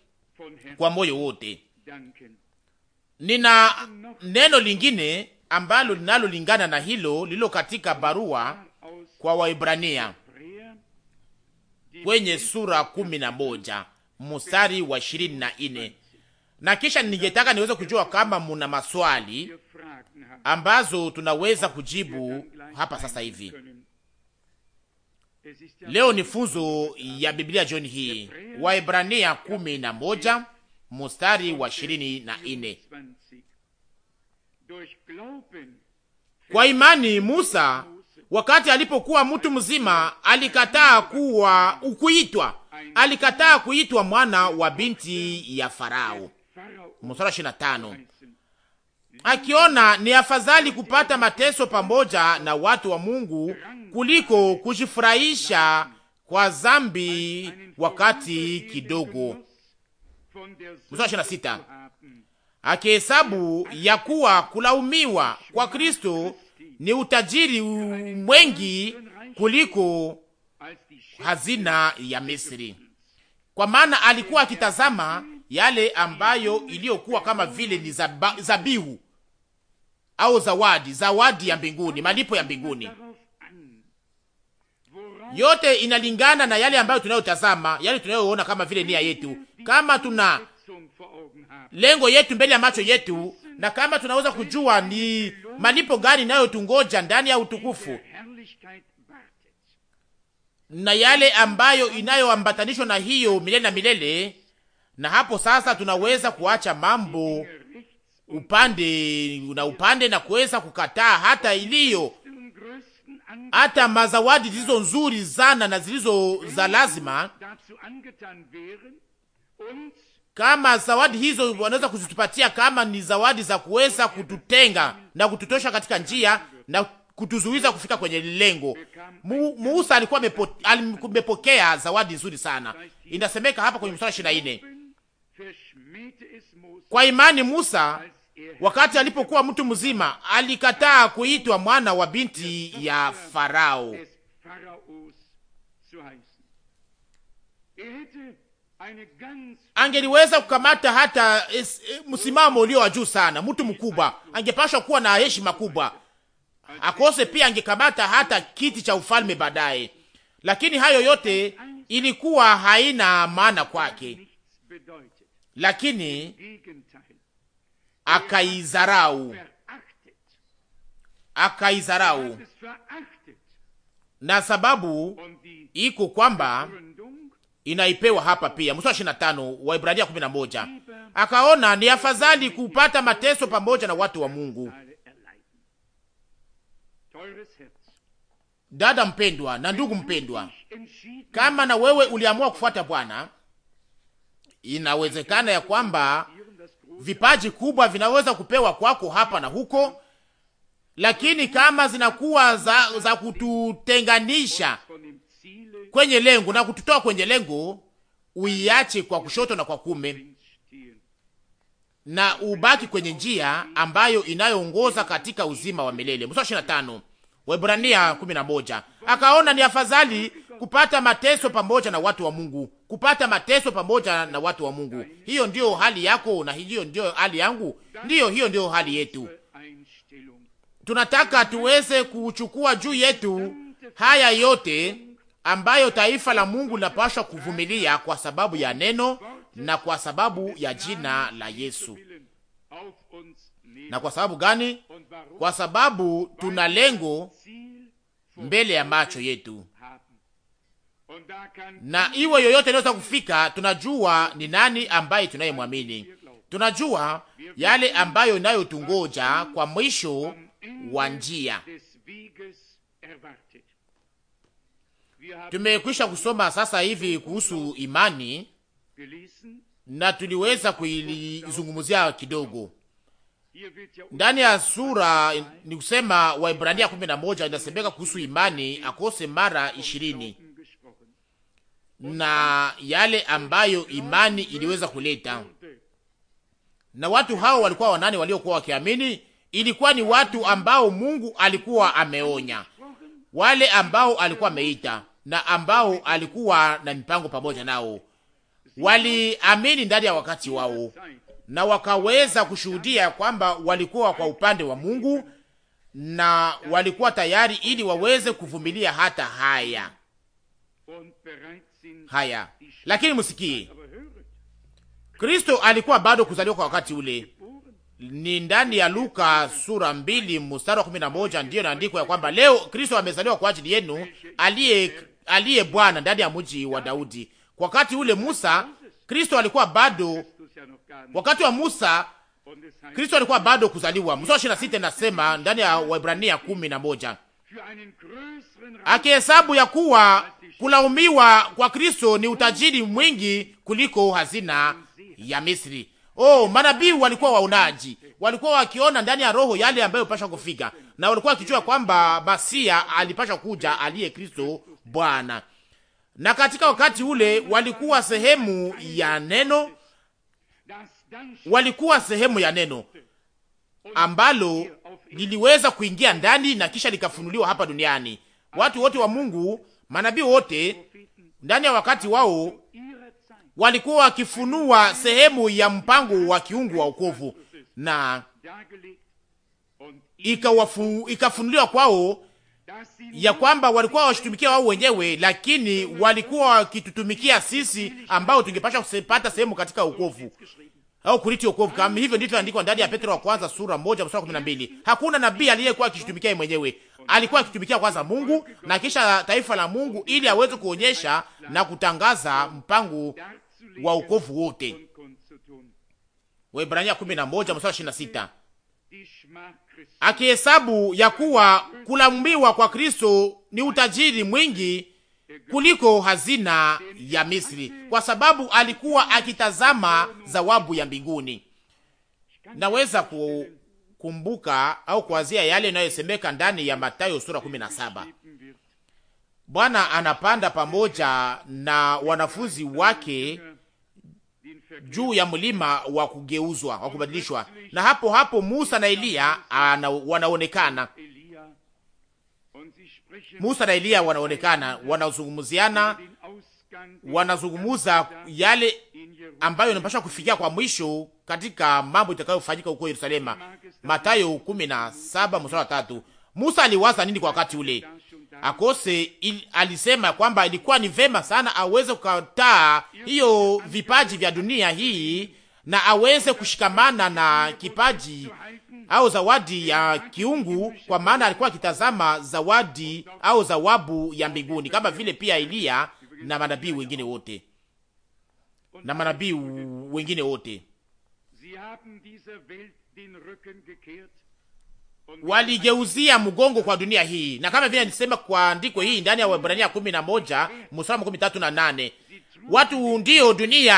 kwa moyo wote. Nina neno lingine ambalo linalolingana na hilo lilo katika barua kwa Waebrania kwenye sura kumi na moja mstari wa ishirini na nne na kisha ningetaka niweze kujua kama muna maswali ambazo tunaweza kujibu hapa sasa hivi. Leo ni funzo ya Biblia jioni hii, Waebrania kumi na moja mstari wa ishirini na Kwa imani Musa wakati alipokuwa mtu mzima alikataa kuwa ukuitwa, alikataa kuitwa mwana wa binti ya Farao. Mstari ishirini na tano akiona ni afadhali kupata mateso pamoja na watu wa Mungu kuliko kujifurahisha kwa zambi wakati kidogo mstari na sita akihesabu ya kuwa kulaumiwa kwa Kristo ni utajiri mwengi kuliko hazina ya Misri, kwa maana alikuwa akitazama yale ambayo iliyokuwa kama vile ni zabihu au zawadi, zawadi ya mbinguni, malipo ya mbinguni. Yote inalingana na yale ambayo tunayotazama, yale tunayoona kama vile nia yetu, kama tuna lengo yetu mbele ya macho yetu, na kama tunaweza kujua ni malipo gani inayotungoja ndani ya utukufu na yale ambayo inayoambatanishwa na hiyo milele na milele. Na hapo sasa tunaweza kuacha mambo upande na upande na kuweza kukataa hata iliyo hata mazawadi zilizo nzuri sana na zilizo za lazima kama zawadi hizo wanaweza kuzitupatia, kama ni zawadi za kuweza kututenga na kututosha katika njia na kutuzuiza kufika kwenye lengo. Musa alikuwa amepokea zawadi nzuri sana. Inasemeka hapa kwenye mstari ishirini nne kwa imani Musa wakati alipokuwa mtu mzima alikataa kuitwa mwana wa binti ya Farao angeliweza kukamata hata es, e, eh, msimamo ulio wa juu sana. Mtu mkubwa angepashwa kuwa na heshima kubwa, akose pia angekamata hata kiti cha ufalme baadaye, lakini hayo yote ilikuwa haina maana kwake, lakini akaizarau akaizarau, na sababu iko kwamba inaipewa hapa pia. Mstari wa 25 wa Ibrania 11, akaona ni afadhali kupata mateso pamoja na watu wa Mungu. Dada mpendwa na ndugu mpendwa, kama na wewe uliamua kufuata Bwana, inawezekana ya kwamba vipaji kubwa vinaweza kupewa kwako hapa na huko, lakini kama zinakuwa za, za kututenganisha kwenye lengo na kututoa kwenye lengo, uiache kwa kushoto na kwa kume, na ubaki kwenye njia ambayo inayoongoza katika uzima wa milele. Mstari wa 25 Waebrania 11, akaona ni afadhali kupata mateso pamoja na watu wa Mungu, kupata mateso pamoja na watu wa Mungu. Hiyo ndiyo hali yako na hiyo ndiyo hali yangu, ndiyo hiyo ndiyo hali yetu. Tunataka tuweze kuchukua juu yetu haya yote ambayo taifa la Mungu linapaswa kuvumilia kwa sababu ya neno na kwa sababu ya jina la Yesu. Na kwa sababu gani? Kwa sababu tuna lengo mbele ya macho yetu, na iwe yoyote inaweza kufika. Tunajua ni nani ambaye tunayemwamini, tunajua yale ambayo inayotungoja kwa mwisho wa njia Tumekwisha kusoma sasa hivi kuhusu imani na tuliweza kuizungumzia kidogo ndani ya sura ni kusema Waibrania kumi na moja inasemeka kuhusu imani akose mara ishirini na yale ambayo imani iliweza kuleta. Na watu hao walikuwa wanani waliokuwa wakiamini, ilikuwa ni watu ambao Mungu alikuwa ameonya, wale ambao alikuwa ameita, na ambao alikuwa na mipango pamoja nao. Waliamini ndani ya wakati wao na wakaweza kushuhudia kwamba walikuwa kwa upande wa Mungu na walikuwa tayari ili waweze kuvumilia hata haya haya. Lakini msikie, Kristo alikuwa bado kuzaliwa kwa wakati ule. Ni ndani ya Luka sura mbili mstari wa kumi na moja ndiyo inaandikwa ya kwamba leo Kristo amezaliwa kwa ajili yenu, aliye aliye Bwana ndani ya mji wa Daudi. Wakati ule Musa, Kristo alikuwa bado, wakati wa Musa Kristo alikuwa bado kuzaliwa. Mstari wa 26 inasema ndani ya Waebrania kumi na moja akihesabu ya kuwa kulaumiwa kwa Kristo ni utajiri mwingi kuliko hazina ya Misri. Oh, manabii walikuwa waonaji, walikuwa wakiona ndani ya roho yale ambayo pasha kufika, na walikuwa wakijua kwamba Masia alipasha kuja aliye Kristo Bwana. Na katika wakati ule walikuwa sehemu ya neno, walikuwa sehemu ya neno ambalo liliweza kuingia ndani na kisha likafunuliwa hapa duniani. Watu wote wa Mungu, manabii wote ndani ya wakati wao walikuwa wakifunua sehemu ya mpango wa kiungu wa wokovu na ikawafu, ikafunuliwa kwao ya kwamba walikuwa washitumikia wao wenyewe, lakini walikuwa wakitutumikia sisi ambao tungepasha kupata sehemu katika ukovu au kuriti ukovu. Kama hivyo ndivyo andiko ndani ya Petro wa kwanza sura moja mstari kumi na mbili. Hakuna nabii aliyekuwa akishitumikia mwenyewe, alikuwa akitumikia kwanza Mungu na kisha taifa la Mungu, ili aweze kuonyesha na kutangaza mpango wa ukovu wote. Waebrania 11 mstari akihesabu ya kuwa kulambiwa kwa Kristo ni utajiri mwingi kuliko hazina ya Misri, kwa sababu alikuwa akitazama zawabu ya mbinguni. Naweza kukumbuka au kuazia yale yanayosemeka ndani ya Mathayo sura 17. Bwana anapanda pamoja na wanafunzi wake juu ya mlima wa kugeuzwa wa kubadilishwa, na hapo hapo Musa na Eliya ah, wanaonekana. Musa na Eliya wanaonekana, wanazungumziana, wanazungumuza yale ambayo inapaswa kufikia kwa mwisho katika mambo itakayofanyika huko Yerusalema. Mathayo 17:3. Musa aliwaza nini kwa wakati ule? akose il, alisema kwamba ilikuwa ni vema sana aweze kukataa hiyo vipaji vya dunia hii na aweze kushikamana na kipaji au zawadi ya kiungu, kwa maana alikuwa akitazama zawadi au zawabu ya mbinguni, kama vile pia Eliya na manabii wengine wote na manabii wengine wote waligeuzia mgongo kwa dunia hii, na kama vile nisema kwa andiko hii ndani ya Waebrania kumi na moja mstari makumi tatu na nane watu ndio dunia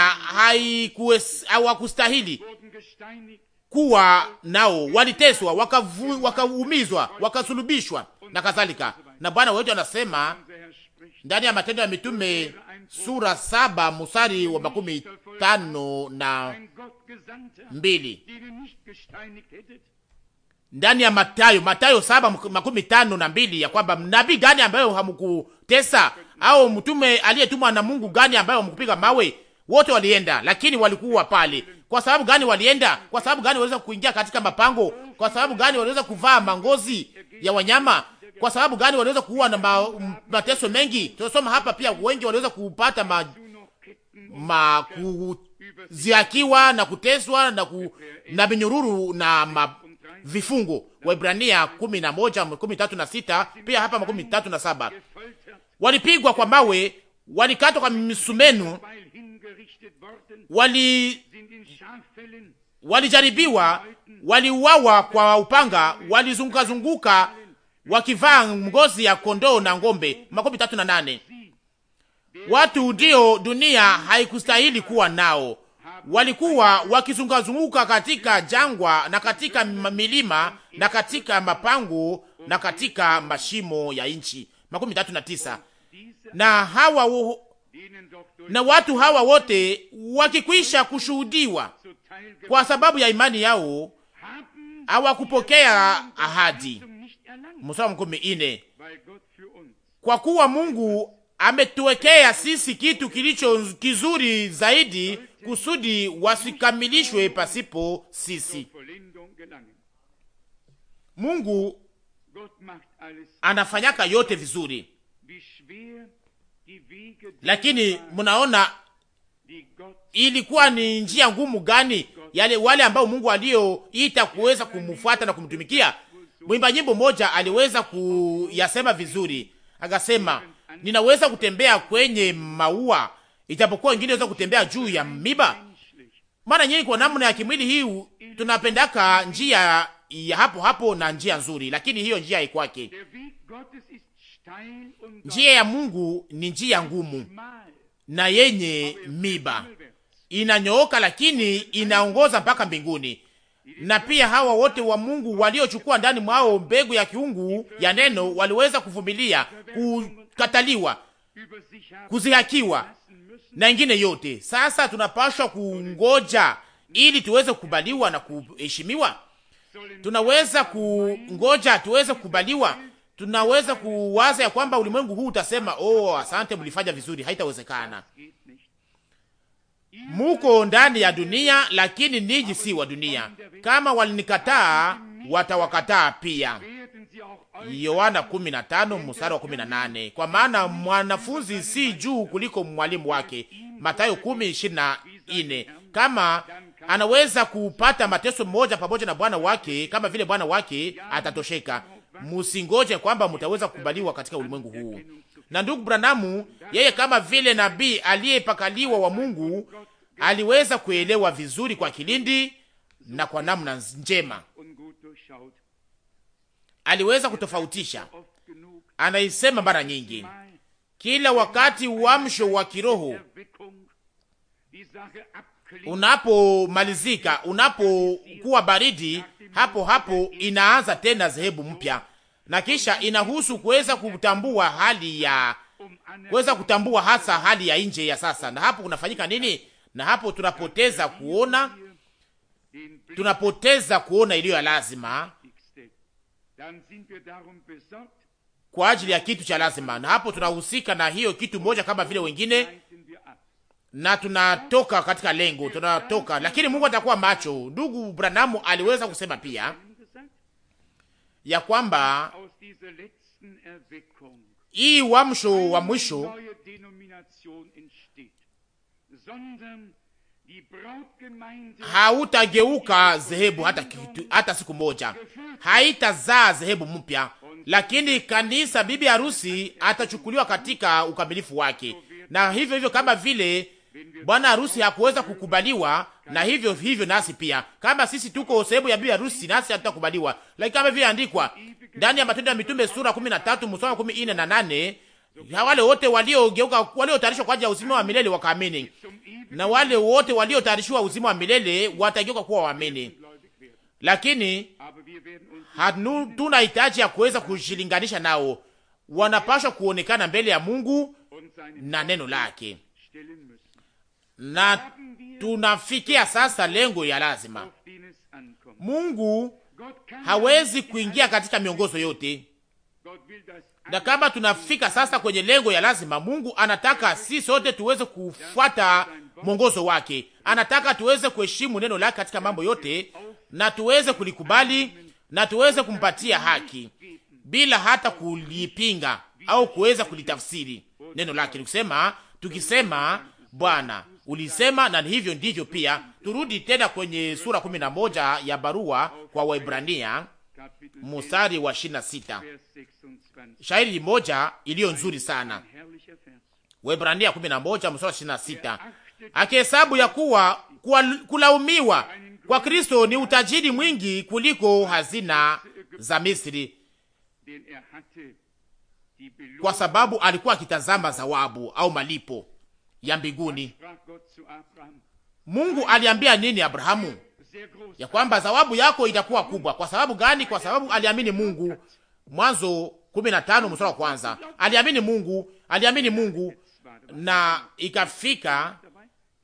hawakustahili kuwa nao, waliteswa wakaumizwa, waka wakasulubishwa na kadhalika. Na Bwana wetu anasema ndani ya Matendo ya Mitume sura saba musari wa makumi tano na mbili ndani ya Matayo, Matayo saba makumi tano na mbili ya kwamba nabii gani ambayo hamukutesa au mtume aliyetumwa na Mungu gani ambayo hamkupiga mawe? Wote walienda, lakini walikuwa pale kwa sababu gani? Walienda kwa sababu gani? Waliweza kuingia katika mapango kwa sababu gani? Waliweza kuvaa mangozi ya wanyama kwa sababu gani? Waliweza kuwa na ma, mateso mengi. Tunasoma hapa pia wengi waliweza kupata ma, ma kuziakiwa na kuteswa na, ku, na minyururu na ma, vifungo, Waibrania 11 13 na 6, pia hapa 13 na Walipigwa kwa mawe, walikatwa kwa misumenu, wali walijaribiwa, waliuawa kwa upanga, walizunguka zunguka wakivaa ngozi ya kondoo na ng'ombe. makumi tatu na nane. Watu ndio dunia haikustahili kuwa nao walikuwa wakizungazunguka katika jangwa na katika milima na katika mapango na katika mashimo ya nchi. makumi tatu na tisa. Na hawa wo, na watu hawa wote wakikwisha kushuhudiwa kwa sababu ya imani yao hawakupokea ahadi. Mstari makumi ine, kwa kuwa Mungu ametuwekea sisi kitu kilicho kizuri zaidi kusudi wasikamilishwe pasipo sisi. Mungu anafanyaka yote vizuri, lakini munaona ilikuwa ni njia ngumu gani yale wale ambao Mungu aliyoita kuweza kumfuata na kumtumikia. Mwimba nyimbo moja aliweza kuyasema vizuri, akasema ninaweza kutembea kwenye maua ijapokuwa wengine waweza kutembea juu ya miba. Mara nyingi kwa namna ya kimwili hii tunapendaka njia ya hapo hapo na njia nzuri, lakini hiyo njia ikwake Njia ya Mungu ni njia ngumu na yenye miba, inanyooka lakini inaongoza mpaka mbinguni. Na pia hawa wote wa Mungu waliochukua ndani mwao mbegu ya kiungu ya neno waliweza kuvumilia kukataliwa, kuzihakiwa na ingine yote. Sasa tunapashwa kungoja ili tuweze kukubaliwa na kuheshimiwa. Tunaweza kungoja tuweze kukubaliwa. Tunaweza kuwaza ya kwamba ulimwengu huu utasema oh, asante, mlifanya vizuri. Haitawezekana. Muko ndani ya dunia, lakini ninyi si wa dunia. Kama walinikataa, watawakataa pia. Yohana 15 mstari wa 18, kwa maana mwanafunzi si juu kuliko mwalimu wake. Mathayo 10:24. Kama anaweza kupata mateso mmoja pamoja na bwana wake kama vile bwana wake atatosheka. Musingoje kwamba mtaweza kukubaliwa katika ulimwengu huu. Na ndugu Branamu, yeye kama vile nabii aliyepakaliwa wa Mungu aliweza kuelewa vizuri kwa kilindi na kwa namna njema aliweza kutofautisha. Anaisema mara nyingi, kila wakati uamsho wa kiroho unapomalizika, unapokuwa baridi, hapo hapo inaanza tena zehebu mpya, na kisha inahusu kuweza kutambua hali ya kuweza kutambua hasa hali ya nje ya sasa. Na hapo kunafanyika nini? Na hapo tunapoteza kuona, tunapoteza kuona iliyo ya lazima kwa ajili ya kitu cha lazima, na hapo tunahusika na hiyo kitu moja kama vile wengine, na tunatoka katika lengo, tunatoka lakini Mungu atakuwa macho. Ndugu Branamu aliweza kusema pia ya kwamba hii wamsho wa mwisho hautageuka zehebu hata, kitu, hata siku moja haitazaa zehebu mpya, lakini kanisa bibi harusi atachukuliwa katika ukamilifu wake. Na hivyo hivyo kama vile bwana harusi hakuweza kukubaliwa, na hivyo hivyo nasi pia, kama sisi tuko sehemu ya bibi harusi, nasi hatutakubaliwa. Lakini kama vile andikwa ndani ya Matendo ya Mitume sura 13 mstari wa 14 na 8 na wale wote waliogeuka, waliotayarishwa kwa ajili ya uzima wa milele wakaamini, na wale wote waliotayarishwa uzima wa milele watageuka kuwa waamini. Lakini hatuna hitaji ya kuweza kujilinganisha nao, wanapashwa kuonekana mbele ya Mungu na neno lake, na tunafikia sasa lengo ya lazima. Mungu hawezi kuingia katika miongozo yote na kama tunafika sasa kwenye lengo ya lazima, Mungu anataka si sote tuweze kufuata mwongozo wake. Anataka tuweze kuheshimu neno lake katika mambo yote, na tuweze kulikubali na tuweze kumpatia haki bila hata kulipinga au kuweza kulitafsiri neno lake. Nikusema tukisema Bwana ulisema, na hivyo ndivyo pia. Turudi tena kwenye sura moja ya barua kwa Waibrania mstari wa 26 shairi moja iliyo nzuri sana, Waebrania 11 mstari 26, akihesabu ya kuwa kulaumiwa kwa Kristo ni utajiri mwingi kuliko hazina za Misri, kwa sababu alikuwa akitazama zawabu au malipo ya mbinguni. Mungu aliambia nini Abrahamu? Ya kwamba zawabu yako itakuwa kubwa. Kwa sababu gani? Kwa sababu aliamini Mungu. Mwanzo kumi na tano mstari wa kwanza. Aliamini Mungu, aliamini Mungu na ikafika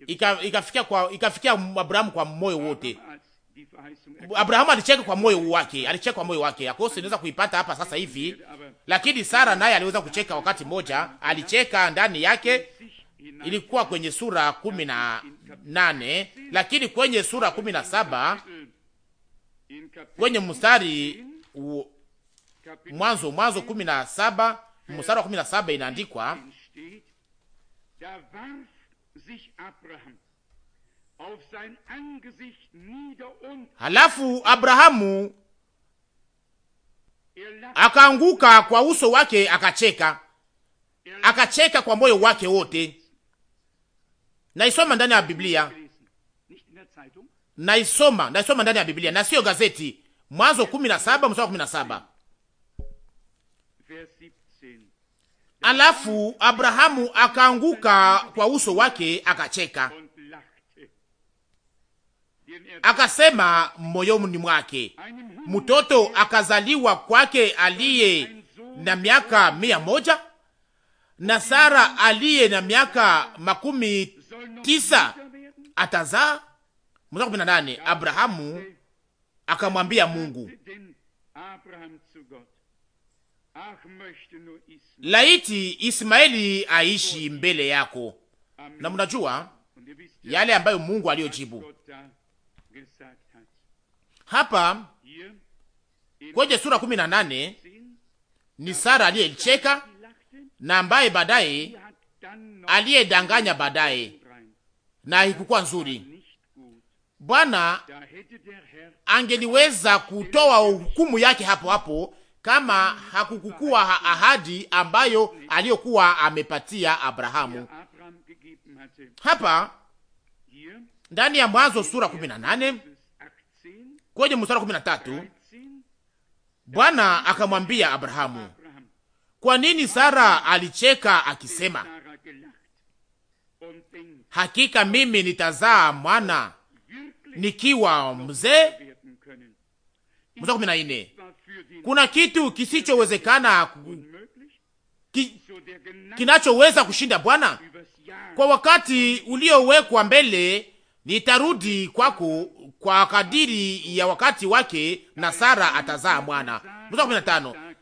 ika, ikafikia kwa ikafikia Abrahamu kwa moyo wote. Abrahamu alicheka kwa moyo wake, alicheka kwa moyo wake. Akosi inaweza kuipata hapa sasa hivi. Lakini Sara naye aliweza kucheka wakati mmoja, alicheka ndani yake. Ilikuwa kwenye sura kumi na nane, lakini kwenye sura kumi na saba kwenye mstari Mwanzo, Mwanzo kumi na saba mstari wa kumi na saba inaandikwa halafu Abrahamu er akaanguka kwa uso wake, akacheka, er akacheka kwa moyo wake wote. Naisoma ndani ya Biblia, naisoma, naisoma ndani ya Biblia na sio gazeti. Mwanzo er na 17 mstari wa saba. Alafu Abrahamu akaanguka kwa uso wake akacheka, akasema moyoni mwake, mtoto akazaliwa kwake aliye na miaka mia moja na Sara aliye na miaka makumi tisa atazaa. Mstari kumi na nane Abrahamu akamwambia Mungu laiti Ismaeli aishi mbele yako. Na mnajua yale ambayo Mungu aliyojibu hapa kwenye sura kumi na nane ni Sara aliyecheka na ambaye baadaye aliyedanganya baadaye, na haikukuwa nzuri. Bwana angeliweza kutoa hukumu yake hapo hapo kama hakukukuwa ahadi ambayo aliyokuwa amepatia Abrahamu. Hapa ndani ya Mwanzo sura 18 kwenye mstari 13, Bwana akamwambia Abrahamu, kwa nini Sara alicheka akisema, hakika mimi nitazaa mwana nikiwa mzee? Mstari 14 kuna kitu kisichowezekana ki, kinachoweza kushinda Bwana? Kwa wakati uliowekwa mbele, nitarudi kwako kwa kadiri ya wakati wake, na Sara atazaa mwana. Mstari 15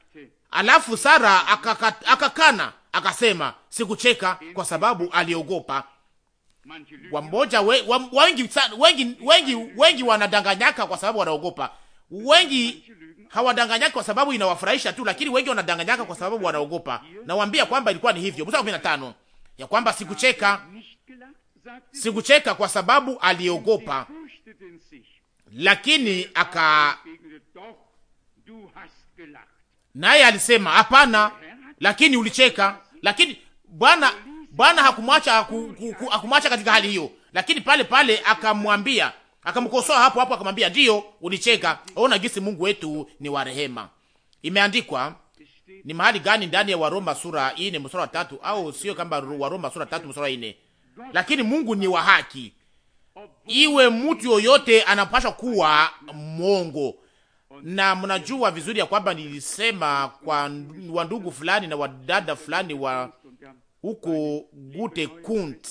alafu Sara akakana, akakana akasema, sikucheka kwa sababu aliogopa. Wamoja wengi, wengi wengi wengi wanadanganyaka kwa sababu wanaogopa. Wengi hawadanganyaki kwa sababu inawafurahisha tu, lakini wengi wanadanganyaka kwa sababu wanaogopa. Nawaambia kwamba ilikuwa ni hivyo. Mstari wa tano ya kwamba sikucheka, sikucheka kwa sababu aliogopa, lakini aka naye alisema hapana, lakini ulicheka. Lakini Bwana Bwana hakumwacha hakumwacha katika hali hiyo, lakini pale pale akamwambia Akamkosoa hapo hapo, akamwambia ndio, ulicheka. Ona gisi Mungu wetu ni wa rehema. Imeandikwa ni mahali gani ndani ya Waroma sura ine mstari wa tatu, au sio? Kama Waroma sura tatu mstari wa Lakini Mungu ni wa haki, iwe mtu yoyote anapasha kuwa mwongo. Na mnajua vizuri ya kwamba nilisema kwa wandugu fulani na wadada fulani wa huko Gute Kunt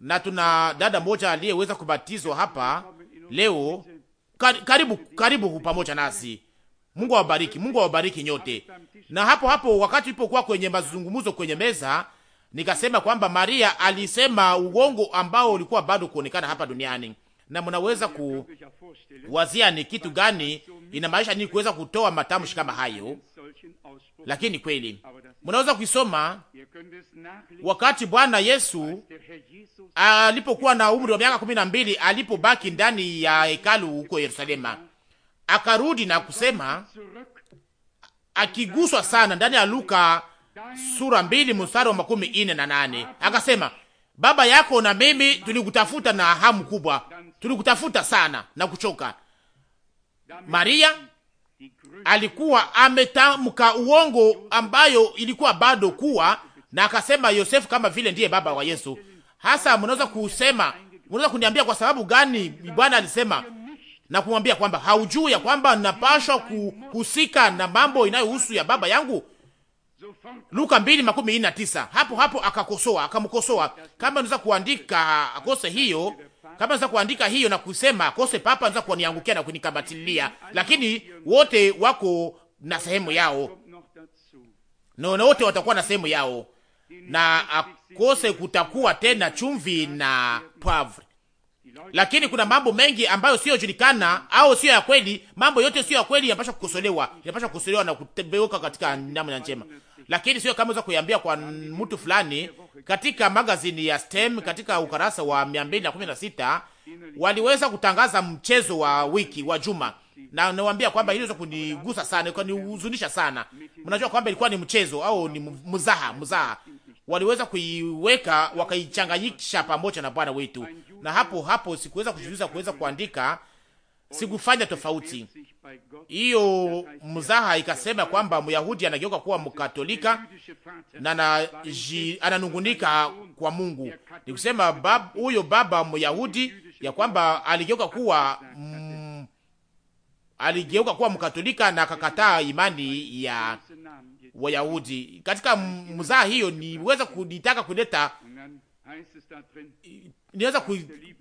na tuna dada moja aliyeweza kubatizwa hapa leo, karibu karibu pamoja nasi. Mungu awabariki, Mungu awabariki nyote. Na hapo hapo wakati ulipokuwa kwenye mazungumzo kwenye meza, nikasema kwamba Maria alisema uongo ambao ulikuwa bado kuonekana hapa duniani, na mnaweza kuwazia ni kitu gani inamaanisha nini kuweza kutoa matamshi kama hayo, lakini kweli Munaweza kuisoma wakati Bwana Yesu alipokuwa na umri wa miaka kumi na mbili alipobaki ndani ya hekalu huko Yerusalema, akarudi na kusema akiguswa sana ndani ya Luka sura mbili mstari wa makumi ine na nane akasema, baba yako na mimi tulikutafuta na hamu kubwa, tulikutafuta sana na kuchoka. Maria alikuwa ametamka uongo ambayo ilikuwa bado kuwa, na akasema Yosefu kama vile ndiye baba wa Yesu. Hasa mnaweza kusema, mnaweza kuniambia kwa sababu gani Bwana alisema na kumwambia kwamba haujui ya kwamba napashwa kuhusika na mambo inayohusu ya baba yangu? Luka mbili makumi na tisa. Hapo hapo akakosoa, akamkosoa. Kama unaweza kuandika akose hiyo kama za kuandika hiyo na kusema kose papa za kuniangukia na kunikabatilia, lakini wote wako na sehemu yao no, na wote watakuwa na sehemu yao, na akose kutakuwa tena chumvi na pavre Lakini kuna mambo mengi ambayo julikana au sio ya kweli. Mambo yote sio ya kweli yanapaswa kukosolewa, yanapaswa kukosolewa na kutebeuka katika namna njema lakini sio kama unaweza kuiambia kwa mtu fulani. Katika magazini ya STEM katika ukarasa wa 216 waliweza kutangaza mchezo wa wiki wa juma, na nawaambia kwamba iliweza kunigusa sana, ikanihuzunisha sana. Mnajua kwamba ilikuwa ni mchezo au ni mzaha, mzaha waliweza kuiweka wakaichanganyisha pamoja na Bwana wetu, na hapo hapo sikuweza kujiuliza kuweza kuandika sikufanya tofauti hiyo. Mzaha ikasema kwamba Myahudi anageuka kuwa Mkatolika na ananungunika kwa Mungu, ni kusema huyo bab, baba Myahudi ya kwamba aligeuka kuwa mm, aligeuka kuwa Mkatolika na akakataa imani ya Wayahudi. Katika mzaha hiyo niweza kunitaka kuleta niweza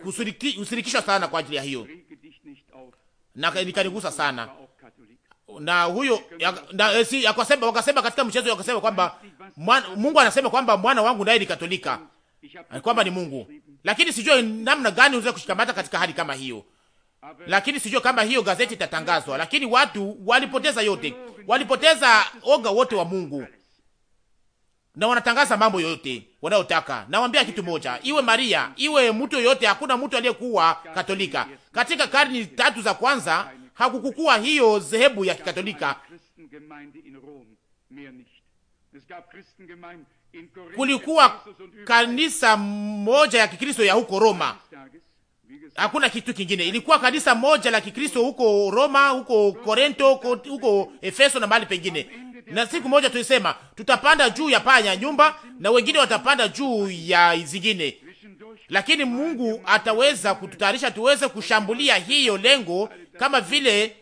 kusirikishwa sana kwa ajili ya hiyo na nikanigusa sana na huyo ya, na, eh, si, yakasema wakasema katika mchezo wakasema kwamba Mungu anasema kwamba mwana wangu naye ni Katolika, kwamba ni Mungu, lakini sijui namna gani unaweza kushikamata katika hali kama hiyo, lakini sijui kama hiyo gazeti itatangazwa. Lakini watu walipoteza yote, walipoteza oga wote wa Mungu, na wanatangaza mambo yote wanayotaka. Nawaambia kitu moja, iwe Maria, iwe mtu yoyote, hakuna mtu aliyekuwa Katolika, katika karni tatu za kwanza hakukukuwa hiyo dhehebu ya Kikatolika. Kulikuwa kanisa moja ya Kikristo ya huko Roma, hakuna kitu kingine. Ilikuwa kanisa moja la Kikristo huko Roma, huko korento huko Efeso na mahali pengine. Na siku moja tulisema tutapanda juu ya paa ya nyumba na wengine watapanda juu ya zingine lakini Mungu ataweza kututayarisha tuweze kushambulia hiyo lengo, kama vile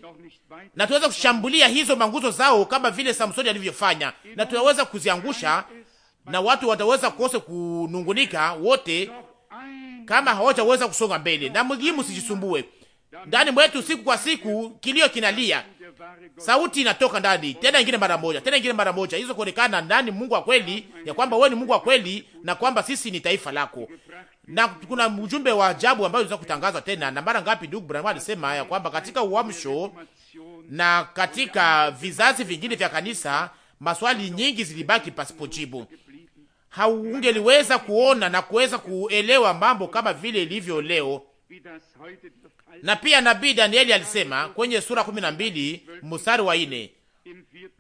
na tuweza kushambulia hizo manguzo zao, kama vile Samsoni alivyofanya, na tuweza kuziangusha na watu wataweza kukose kunungunika wote, kama hawataweza kusonga mbele. Na muhimu, sijisumbue ndani mwetu, siku kwa siku kilio kinalia, sauti inatoka ndani, tena ingine mara moja, tena ingine mara moja, hizo kuonekana ndani Mungu wa kweli, ya kwamba wewe ni Mungu wa kweli, na kwamba sisi ni taifa lako, na kuna mjumbe wa ajabu ambao unaweza kutangaza tena. Na mara ngapi ndugu Branham alisema ya kwamba katika uamsho na katika vizazi vingine vya kanisa maswali nyingi zilibaki pasipo jibu. Haungeliweza kuona na kuweza kuelewa mambo kama vile ilivyo leo. Na pia nabii Danieli alisema kwenye sura 12 mstari wa 4,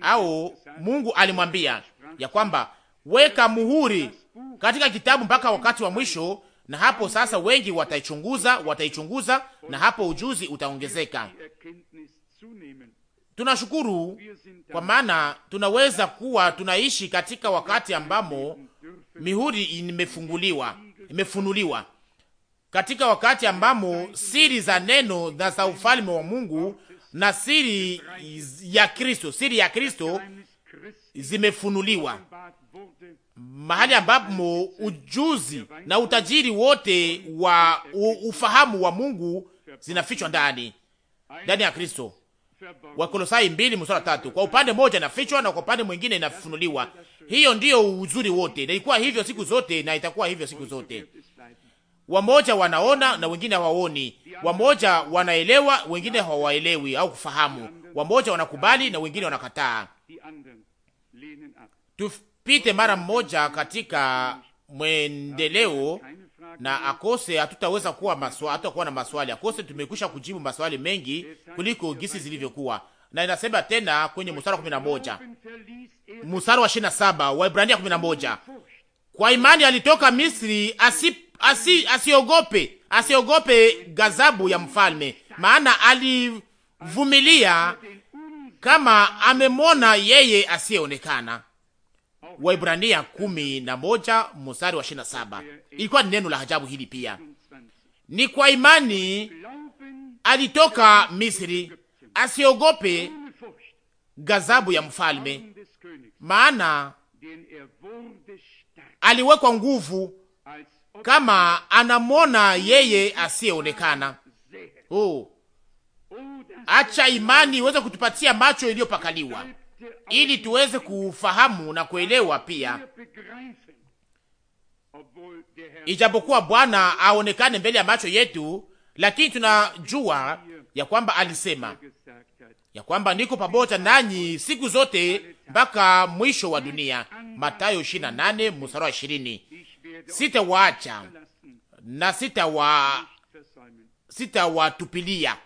au Mungu alimwambia ya kwamba weka muhuri katika kitabu mpaka wakati wa mwisho, na hapo sasa wengi wataichunguza, wataichunguza na hapo ujuzi utaongezeka. Tunashukuru kwa maana tunaweza kuwa tunaishi katika wakati ambamo mihuri imefunguliwa, imefunuliwa, katika wakati ambamo siri za neno na za ufalme wa Mungu na siri ya Kristo, siri ya Kristo zimefunuliwa mahali ambapo ujuzi na utajiri wote wa ufahamu wa Mungu zinafichwa ndani ndani ya Kristo. Wakolosai mbili mstari tatu. Kwa upande mmoja inafichwa na kwa upande mwingine inafunuliwa. Hiyo ndiyo uzuri wote, na ilikuwa hivyo siku zote na itakuwa hivyo siku zote. Wamoja wanaona na wengine hawaoni, wamoja wanaelewa, wengine hawaelewi au kufahamu, wamoja wanakubali na wengine wanakataa asipite mara mmoja katika mwendeleo na akose, hatutaweza kuwa maswa, hatutakuwa na maswali akose. Tumekwisha kujibu maswali mengi kuliko gisi zilivyokuwa, na inasema tena kwenye mstari wa moja mstari wa saba wa Ibrania 11, kwa imani alitoka Misri asi, asi, asiogope asiogope gazabu ya mfalme, maana alivumilia kama amemwona yeye asiyeonekana. Waibrania kumi na moja mstari wa ishirini na saba. Ilikuwa ni neno la ajabu hili pia. Ni kwa imani alitoka Misri, asiogope gazabu ya mfalme, maana aliwekwa nguvu kama anamwona yeye asiyeonekana. Oh, acha imani iweze kutupatia macho iliyopakaliwa ili tuweze kufahamu na kuelewa pia, ijapokuwa Bwana aonekane mbele ya macho yetu, lakini tunajua ya kwamba alisema ya kwamba niko pamoja nanyi siku zote mpaka mwisho wa dunia, Mathayo 28 mstari wa 20. Sitawaacha na sitawa sitawatupilia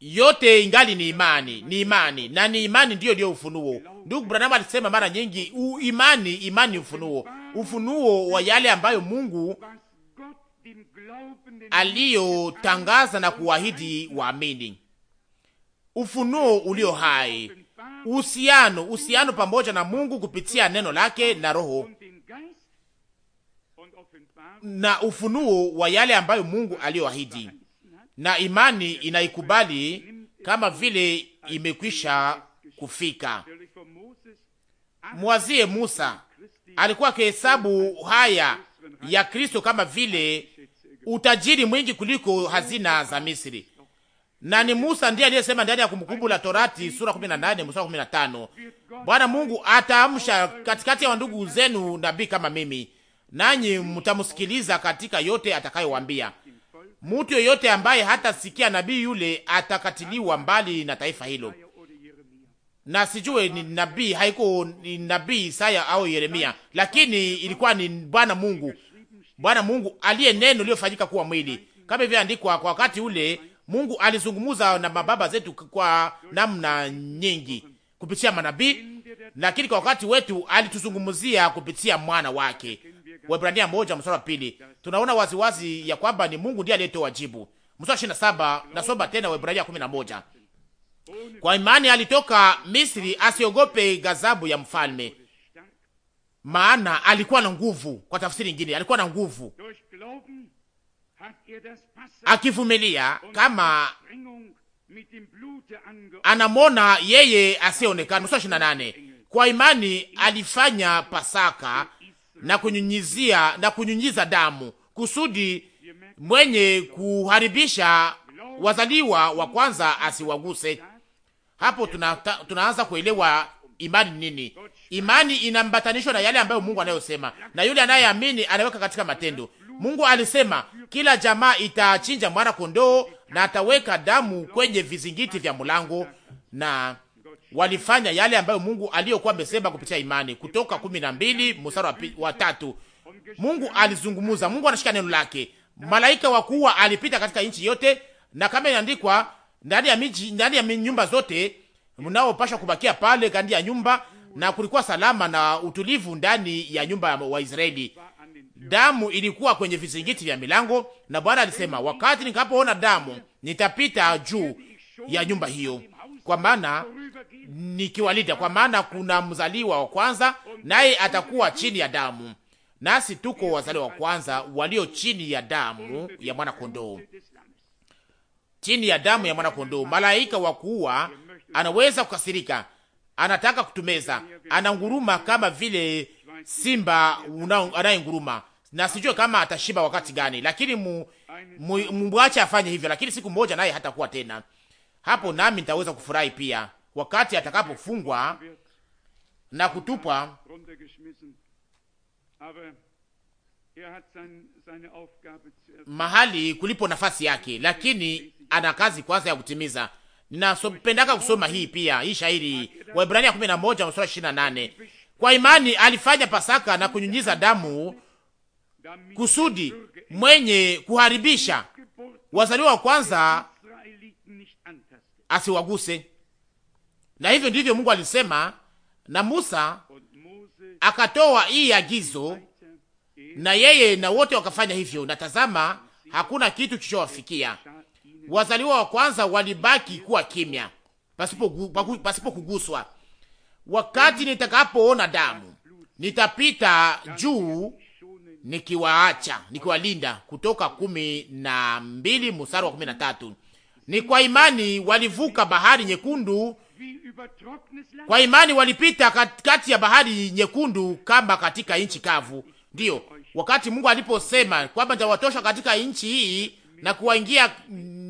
yote ingali ni imani, ni imani na ni imani ndiyo ndiyo ufunuo. Ndugu Branham alisema mara nyingi u imani, imani ufunuo, ufunuo wa yale ambayo Mungu aliyotangaza na kuahidi waamini, ufunuo ulio hai, uhusiano, uhusiano pamoja na Mungu kupitia neno lake na Roho na ufunuo wa yale ambayo Mungu aliyoahidi na imani inaikubali kama vile imekwisha kufika. Mwazie Musa alikuwa akihesabu haya ya Kristo kama vile utajiri mwingi kuliko hazina za Misri. Na ni Musa ndiye aliyesema ndani ya Kumbukumbu la Torati sura 18 mstari 15, Bwana Mungu ataamsha katikati ya wandugu zenu nabii kama mimi, nanyi mtamsikiliza katika yote atakayowaambia. Mtu yoyote ambaye hatasikia nabii yule atakatiliwa mbali na taifa hilo. Na sijue ni nabii, haiko ni nabii Isaya au Yeremia, lakini ilikuwa ni Bwana Mungu, Bwana Mungu aliye neno liofanyika kuwa mwili, kama ilivyoandikwa. Kwa wakati ule Mungu alizungumza na mababa zetu kwa namna nyingi kupitia manabii, lakini kwa wakati wetu alituzungumzia kupitia mwana wake Waebrania moja mstari wa pili tunaona waziwazi ya kwamba ni Mungu ndiye aliyetoa jibu. Mstari ishirini na saba nasoma tena Waebrania kumi na moja kwa imani alitoka Misri asiogope gazabu ya mfalme, maana alikuwa na nguvu. Kwa tafsiri nyingine, alikuwa na nguvu, akivumilia kama anamona yeye asiyeonekana. Mstari ishirini na nane kwa imani alifanya Pasaka na kunyunyizia na kunyunyiza damu kusudi mwenye kuharibisha wazaliwa wa kwanza asiwaguse. Hapo tuna, tunaanza kuelewa imani nini. Imani inambatanishwa na yale ambayo Mungu anayosema, na yule anayeamini anaweka katika matendo. Mungu alisema kila jamaa itachinja mwana kondoo na ataweka damu kwenye vizingiti vya mlango na walifanya yale ambayo Mungu aliyokuwa amesema kupitia imani. Kutoka kumi na mbili mstari wa tatu Mungu alizungumza, Mungu anashika neno lake. Malaika wakuu alipita katika nchi yote, na kama inaandikwa, ndani ya miji, ndani ya nyumba zote mnaopashwa kubakia pale kandi ya nyumba, na kulikuwa salama na utulivu ndani ya nyumba ya Waisraeli. Damu ilikuwa kwenye vizingiti vya milango, na Bwana alisema, wakati nikapoona damu nitapita juu ya nyumba hiyo, kwa maana nikiwalinda, kwa maana kuna mzaliwa wa kwanza, naye atakuwa chini ya damu, nasi tuko wazaliwa wa kwanza walio chini ya damu ya mwana kondoo, chini ya damu ya mwana kondoo. Malaika wa kuua anaweza kukasirika, anataka kutumeza, ananguruma kama vile simba anayenguruma, na sijue kama atashiba wakati gani, lakini mumwache afanye hivyo, lakini siku moja naye hatakuwa tena hapo, nami nitaweza kufurahi pia, wakati atakapofungwa na kutupwa er mahali kulipo nafasi yake, lakini ana kazi kwanza ya kutimiza. Ninapendaka kusoma hii pia hii shairi Waebrania 11 mstari 28: kwa imani alifanya Pasaka na kunyunyiza damu kusudi mwenye kuharibisha wazaliwa wa kwanza asiwaguse. Na hivyo ndivyo Mungu alisema, na Musa akatoa hii agizo, na yeye na wote wakafanya hivyo, na tazama, hakuna kitu kilichowafikia. Wazaliwa wa kwanza walibaki kuwa kimya, pasipo, pasipo kuguswa. Wakati nitakapoona damu, nitapita juu nikiwaacha nikiwalinda. Kutoka kumi na mbili mstari wa kumi na tatu. Ni kwa imani walivuka bahari nyekundu kwa imani walipita katikati ya bahari nyekundu kama katika nchi kavu. Ndiyo, wakati Mungu aliposema kwamba nitawatosha katika nchi hii na kuwaingia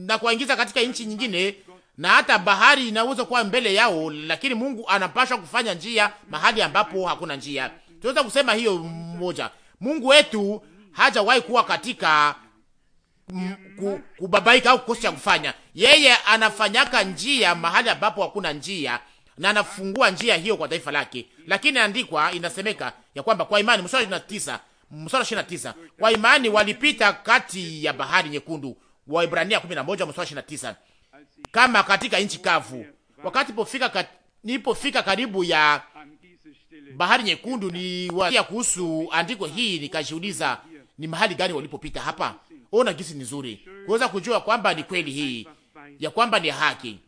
na kuwaingiza katika nchi nyingine, na hata bahari inaweza kuwa mbele yao, lakini Mungu anapashwa kufanya njia mahali ambapo hakuna njia. Tunaweza kusema hiyo mmoja. Mungu wetu hajawahi kuwa katika kubabaika au kukosa cha kufanya. Yeye anafanyaka njia mahali ambapo hakuna njia na anafungua njia hiyo kwa taifa lake. Lakini andikwa inasemeka ya kwamba kwa imani, mstari na tisa mstari na tisa kwa imani walipita kati ya bahari nyekundu, Waebrania 11 mstari na tisa kama katika nchi kavu. Wakati pofika kat, nilipofika karibu ya bahari nyekundu, ni wa kuhusu andiko hii, nikashuhudia ni mahali gani walipopita hapa Ona gisi ni nzuri kuweza kujua kwamba ni kweli hii ya kwamba ni haki.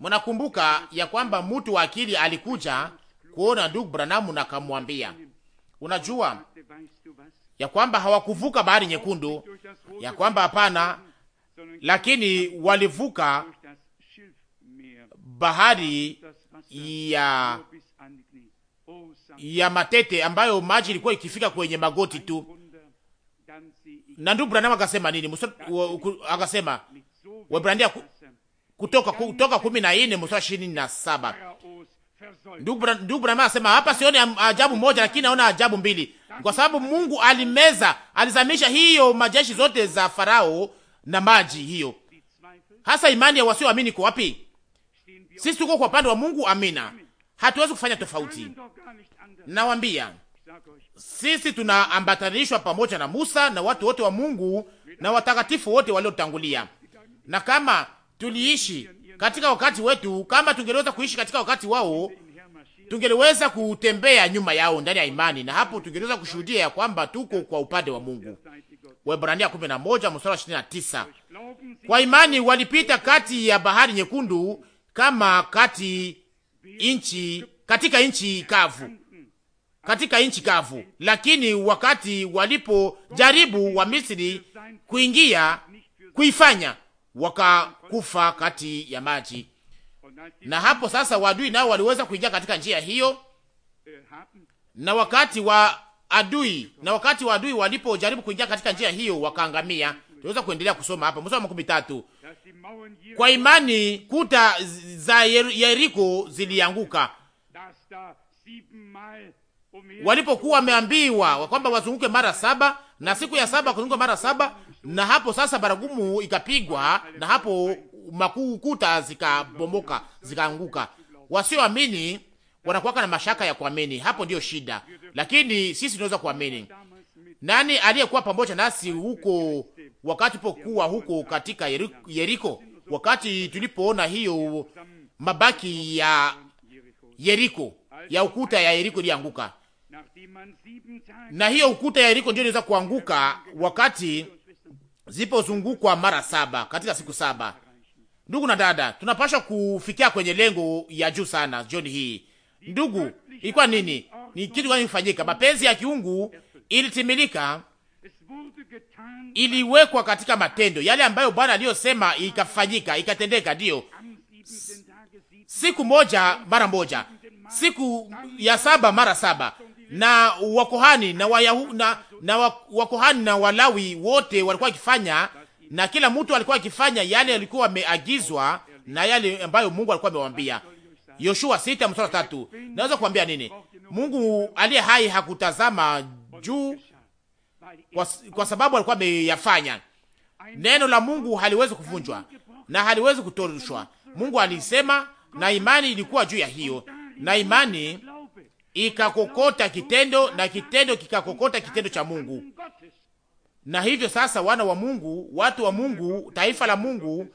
Mnakumbuka ya kwamba mtu wa akili alikuja kuona ndugu Branamu na kamwambia, unajua ya kwamba hawakuvuka bahari nyekundu, ya kwamba hapana, lakini walivuka bahari ya ya matete ambayo maji ilikuwa ikifika kwenye magoti tu na ndugu Branham akasema nini? Musa, akasema Waebrania kutoka kutoka 14 mstari 27. Ndugu ndugu Branham akasema hapa sioni ajabu moja, lakini naona ajabu mbili, kwa sababu Mungu alimeza alizamisha hiyo majeshi zote za Farao na maji hiyo. Hasa imani ya wasioamini kwa wapi? Sisi tuko kwa upande wa Mungu, amina. Hatuwezi kufanya tofauti. Nawambia sisi tunaambatanishwa pamoja na Musa na watu wote wa Mungu na watakatifu wote waliotangulia, na kama tuliishi katika wakati wetu, kama tungeliweza kuishi katika wakati wao, tungeliweza kutembea nyuma yao ndani ya imani, na hapo tungeliweza kushuhudia ya kwamba tuko kwa upande wa Mungu. Waebrania 11 mstari 29. Kwa imani walipita kati ya bahari nyekundu kama kati inchi, katika nchi kavu katika nchi kavu, lakini wakati walipo jaribu wa Misri kuingia kuifanya, wakakufa kati ya maji, na hapo sasa wadui nao waliweza kuingia katika njia hiyo, na wakati wa adui na wakati wa adui walipojaribu kuingia katika njia hiyo wakaangamia. Tunaweza kuendelea kusoma hapa mstari wa makumi tatu. Kwa imani kuta za Yeriko zilianguka walipokuwa wameambiwa kwamba wazunguke mara saba na siku ya saba kuzunguka mara saba, na hapo sasa baragumu ikapigwa, na hapo makuu kuta zikabomoka zikaanguka. Wasioamini wanakuwaka na mashaka ya kuamini, hapo ndiyo shida, lakini sisi tunaweza kuamini. Nani aliyekuwa pamoja nasi huko wakati pokuwa huko katika Yeriko, wakati tulipoona hiyo mabaki ya Yeriko ya ukuta ya Yeriko ilianguka? na hiyo ukuta ya Yeriko ndio inaweza kuanguka wakati zipozungukwa mara saba katika siku saba. Ndugu na dada, tunapaswa kufikia kwenye lengo ya juu sana jioni hii. Ndugu, ilikuwa nini? Ni kitu gani kifanyika? Mapenzi ya kiungu ilitimilika, iliwekwa katika matendo yale ambayo Bwana aliyosema, ikafanyika, ikatendeka. Ndiyo, siku moja mara moja, siku ya saba mara saba, na wakohani na Wayahu, na, na wakohani na Walawi wote walikuwa wakifanya, na kila mtu alikuwa akifanya yale alikuwa ameagizwa na yale ambayo Mungu alikuwa amewambia. Yoshua sita mstari tatu. Naweza kuambia nini? Mungu aliye hai hakutazama juu kwa, kwa sababu alikuwa ameyafanya. Neno la Mungu haliwezi kuvunjwa na haliwezi kutorushwa. Mungu alisema na imani ilikuwa juu ya hiyo, na imani ikakokota kitendo na kitendo kikakokota kitendo cha Mungu. Na hivyo sasa, wana wa Mungu, watu wa Mungu, taifa la Mungu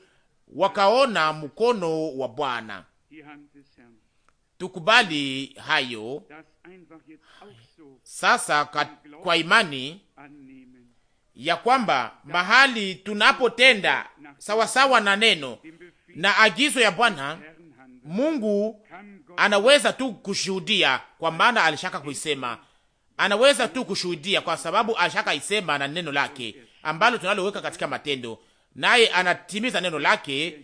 wakaona mkono wa Bwana. Tukubali hayo sasa kat, kwa imani ya kwamba mahali tunapotenda sawasawa na neno na agizo ya Bwana Mungu anaweza tu kushuhudia, kwa maana alishaka kuisema. Anaweza tu kushuhudia kwa sababu alishaka isema na neno lake ambalo tunaloweka katika matendo, naye anatimiza neno lake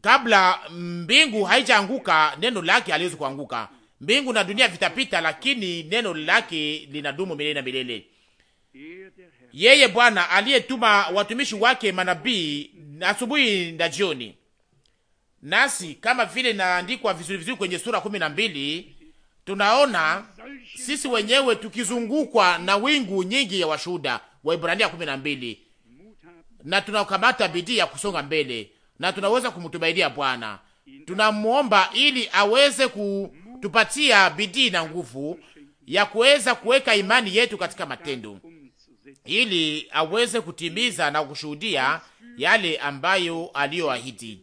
kabla mbingu haijaanguka, neno lake haliwezi kuanguka. Mbingu na dunia vitapita, lakini neno lake linadumu milele na milele yeye Bwana aliyetuma watumishi wake manabii asubuhi na jioni, nasi kama vile inaandikwa vizuri vizuri kwenye sura kumi na mbili tunaona sisi wenyewe tukizungukwa na wingu nyingi ya washuhuda wa Ibrania kumi na mbili na tunakamata bidii ya kusonga mbele na tunaweza kumtumainia Bwana. Tunamwomba ili aweze kutupatia bidii na nguvu ya kuweza kuweka imani yetu katika matendo ili aweze kutimiza na kushuhudia yale ambayo aliyoahidi.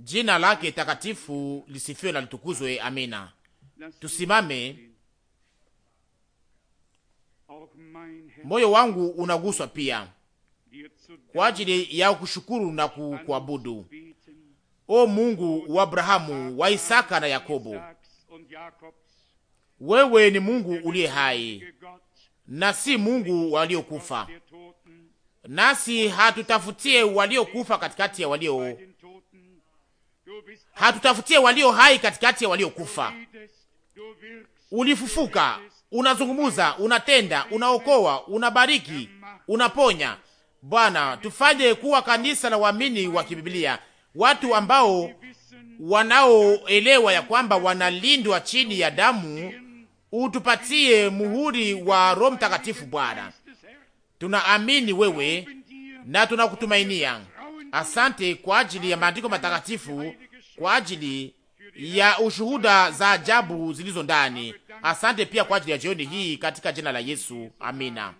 Jina lake takatifu lisifiwe na litukuzwe, amina. Tusimame. Moyo wangu unaguswa pia kwa ajili ya kushukuru na kuabudu. O Mungu wa Abrahamu, wa Isaka na Yakobo, wewe ni Mungu uliye hai na si Mungu waliokufa, nasi hatutafutie waliokufa katikati ya walio, hatutafutie walio hai katikati ya waliokufa. Ulifufuka, unazungumuza, unatenda, unaokoa, unabariki, unaponya. Bwana, tufanye kuwa kanisa la waamini wa kibiblia, watu ambao wanaoelewa ya kwamba wanalindwa chini ya damu, utupatie muhuri wa Roho Mtakatifu. Bwana, tunaamini wewe na tunakutumainia. Asante kwa ajili ya maandiko matakatifu, kwa ajili ya ushuhuda za ajabu zilizo ndani. Asante pia kwa ajili ya jioni hii katika jina la Yesu, amina.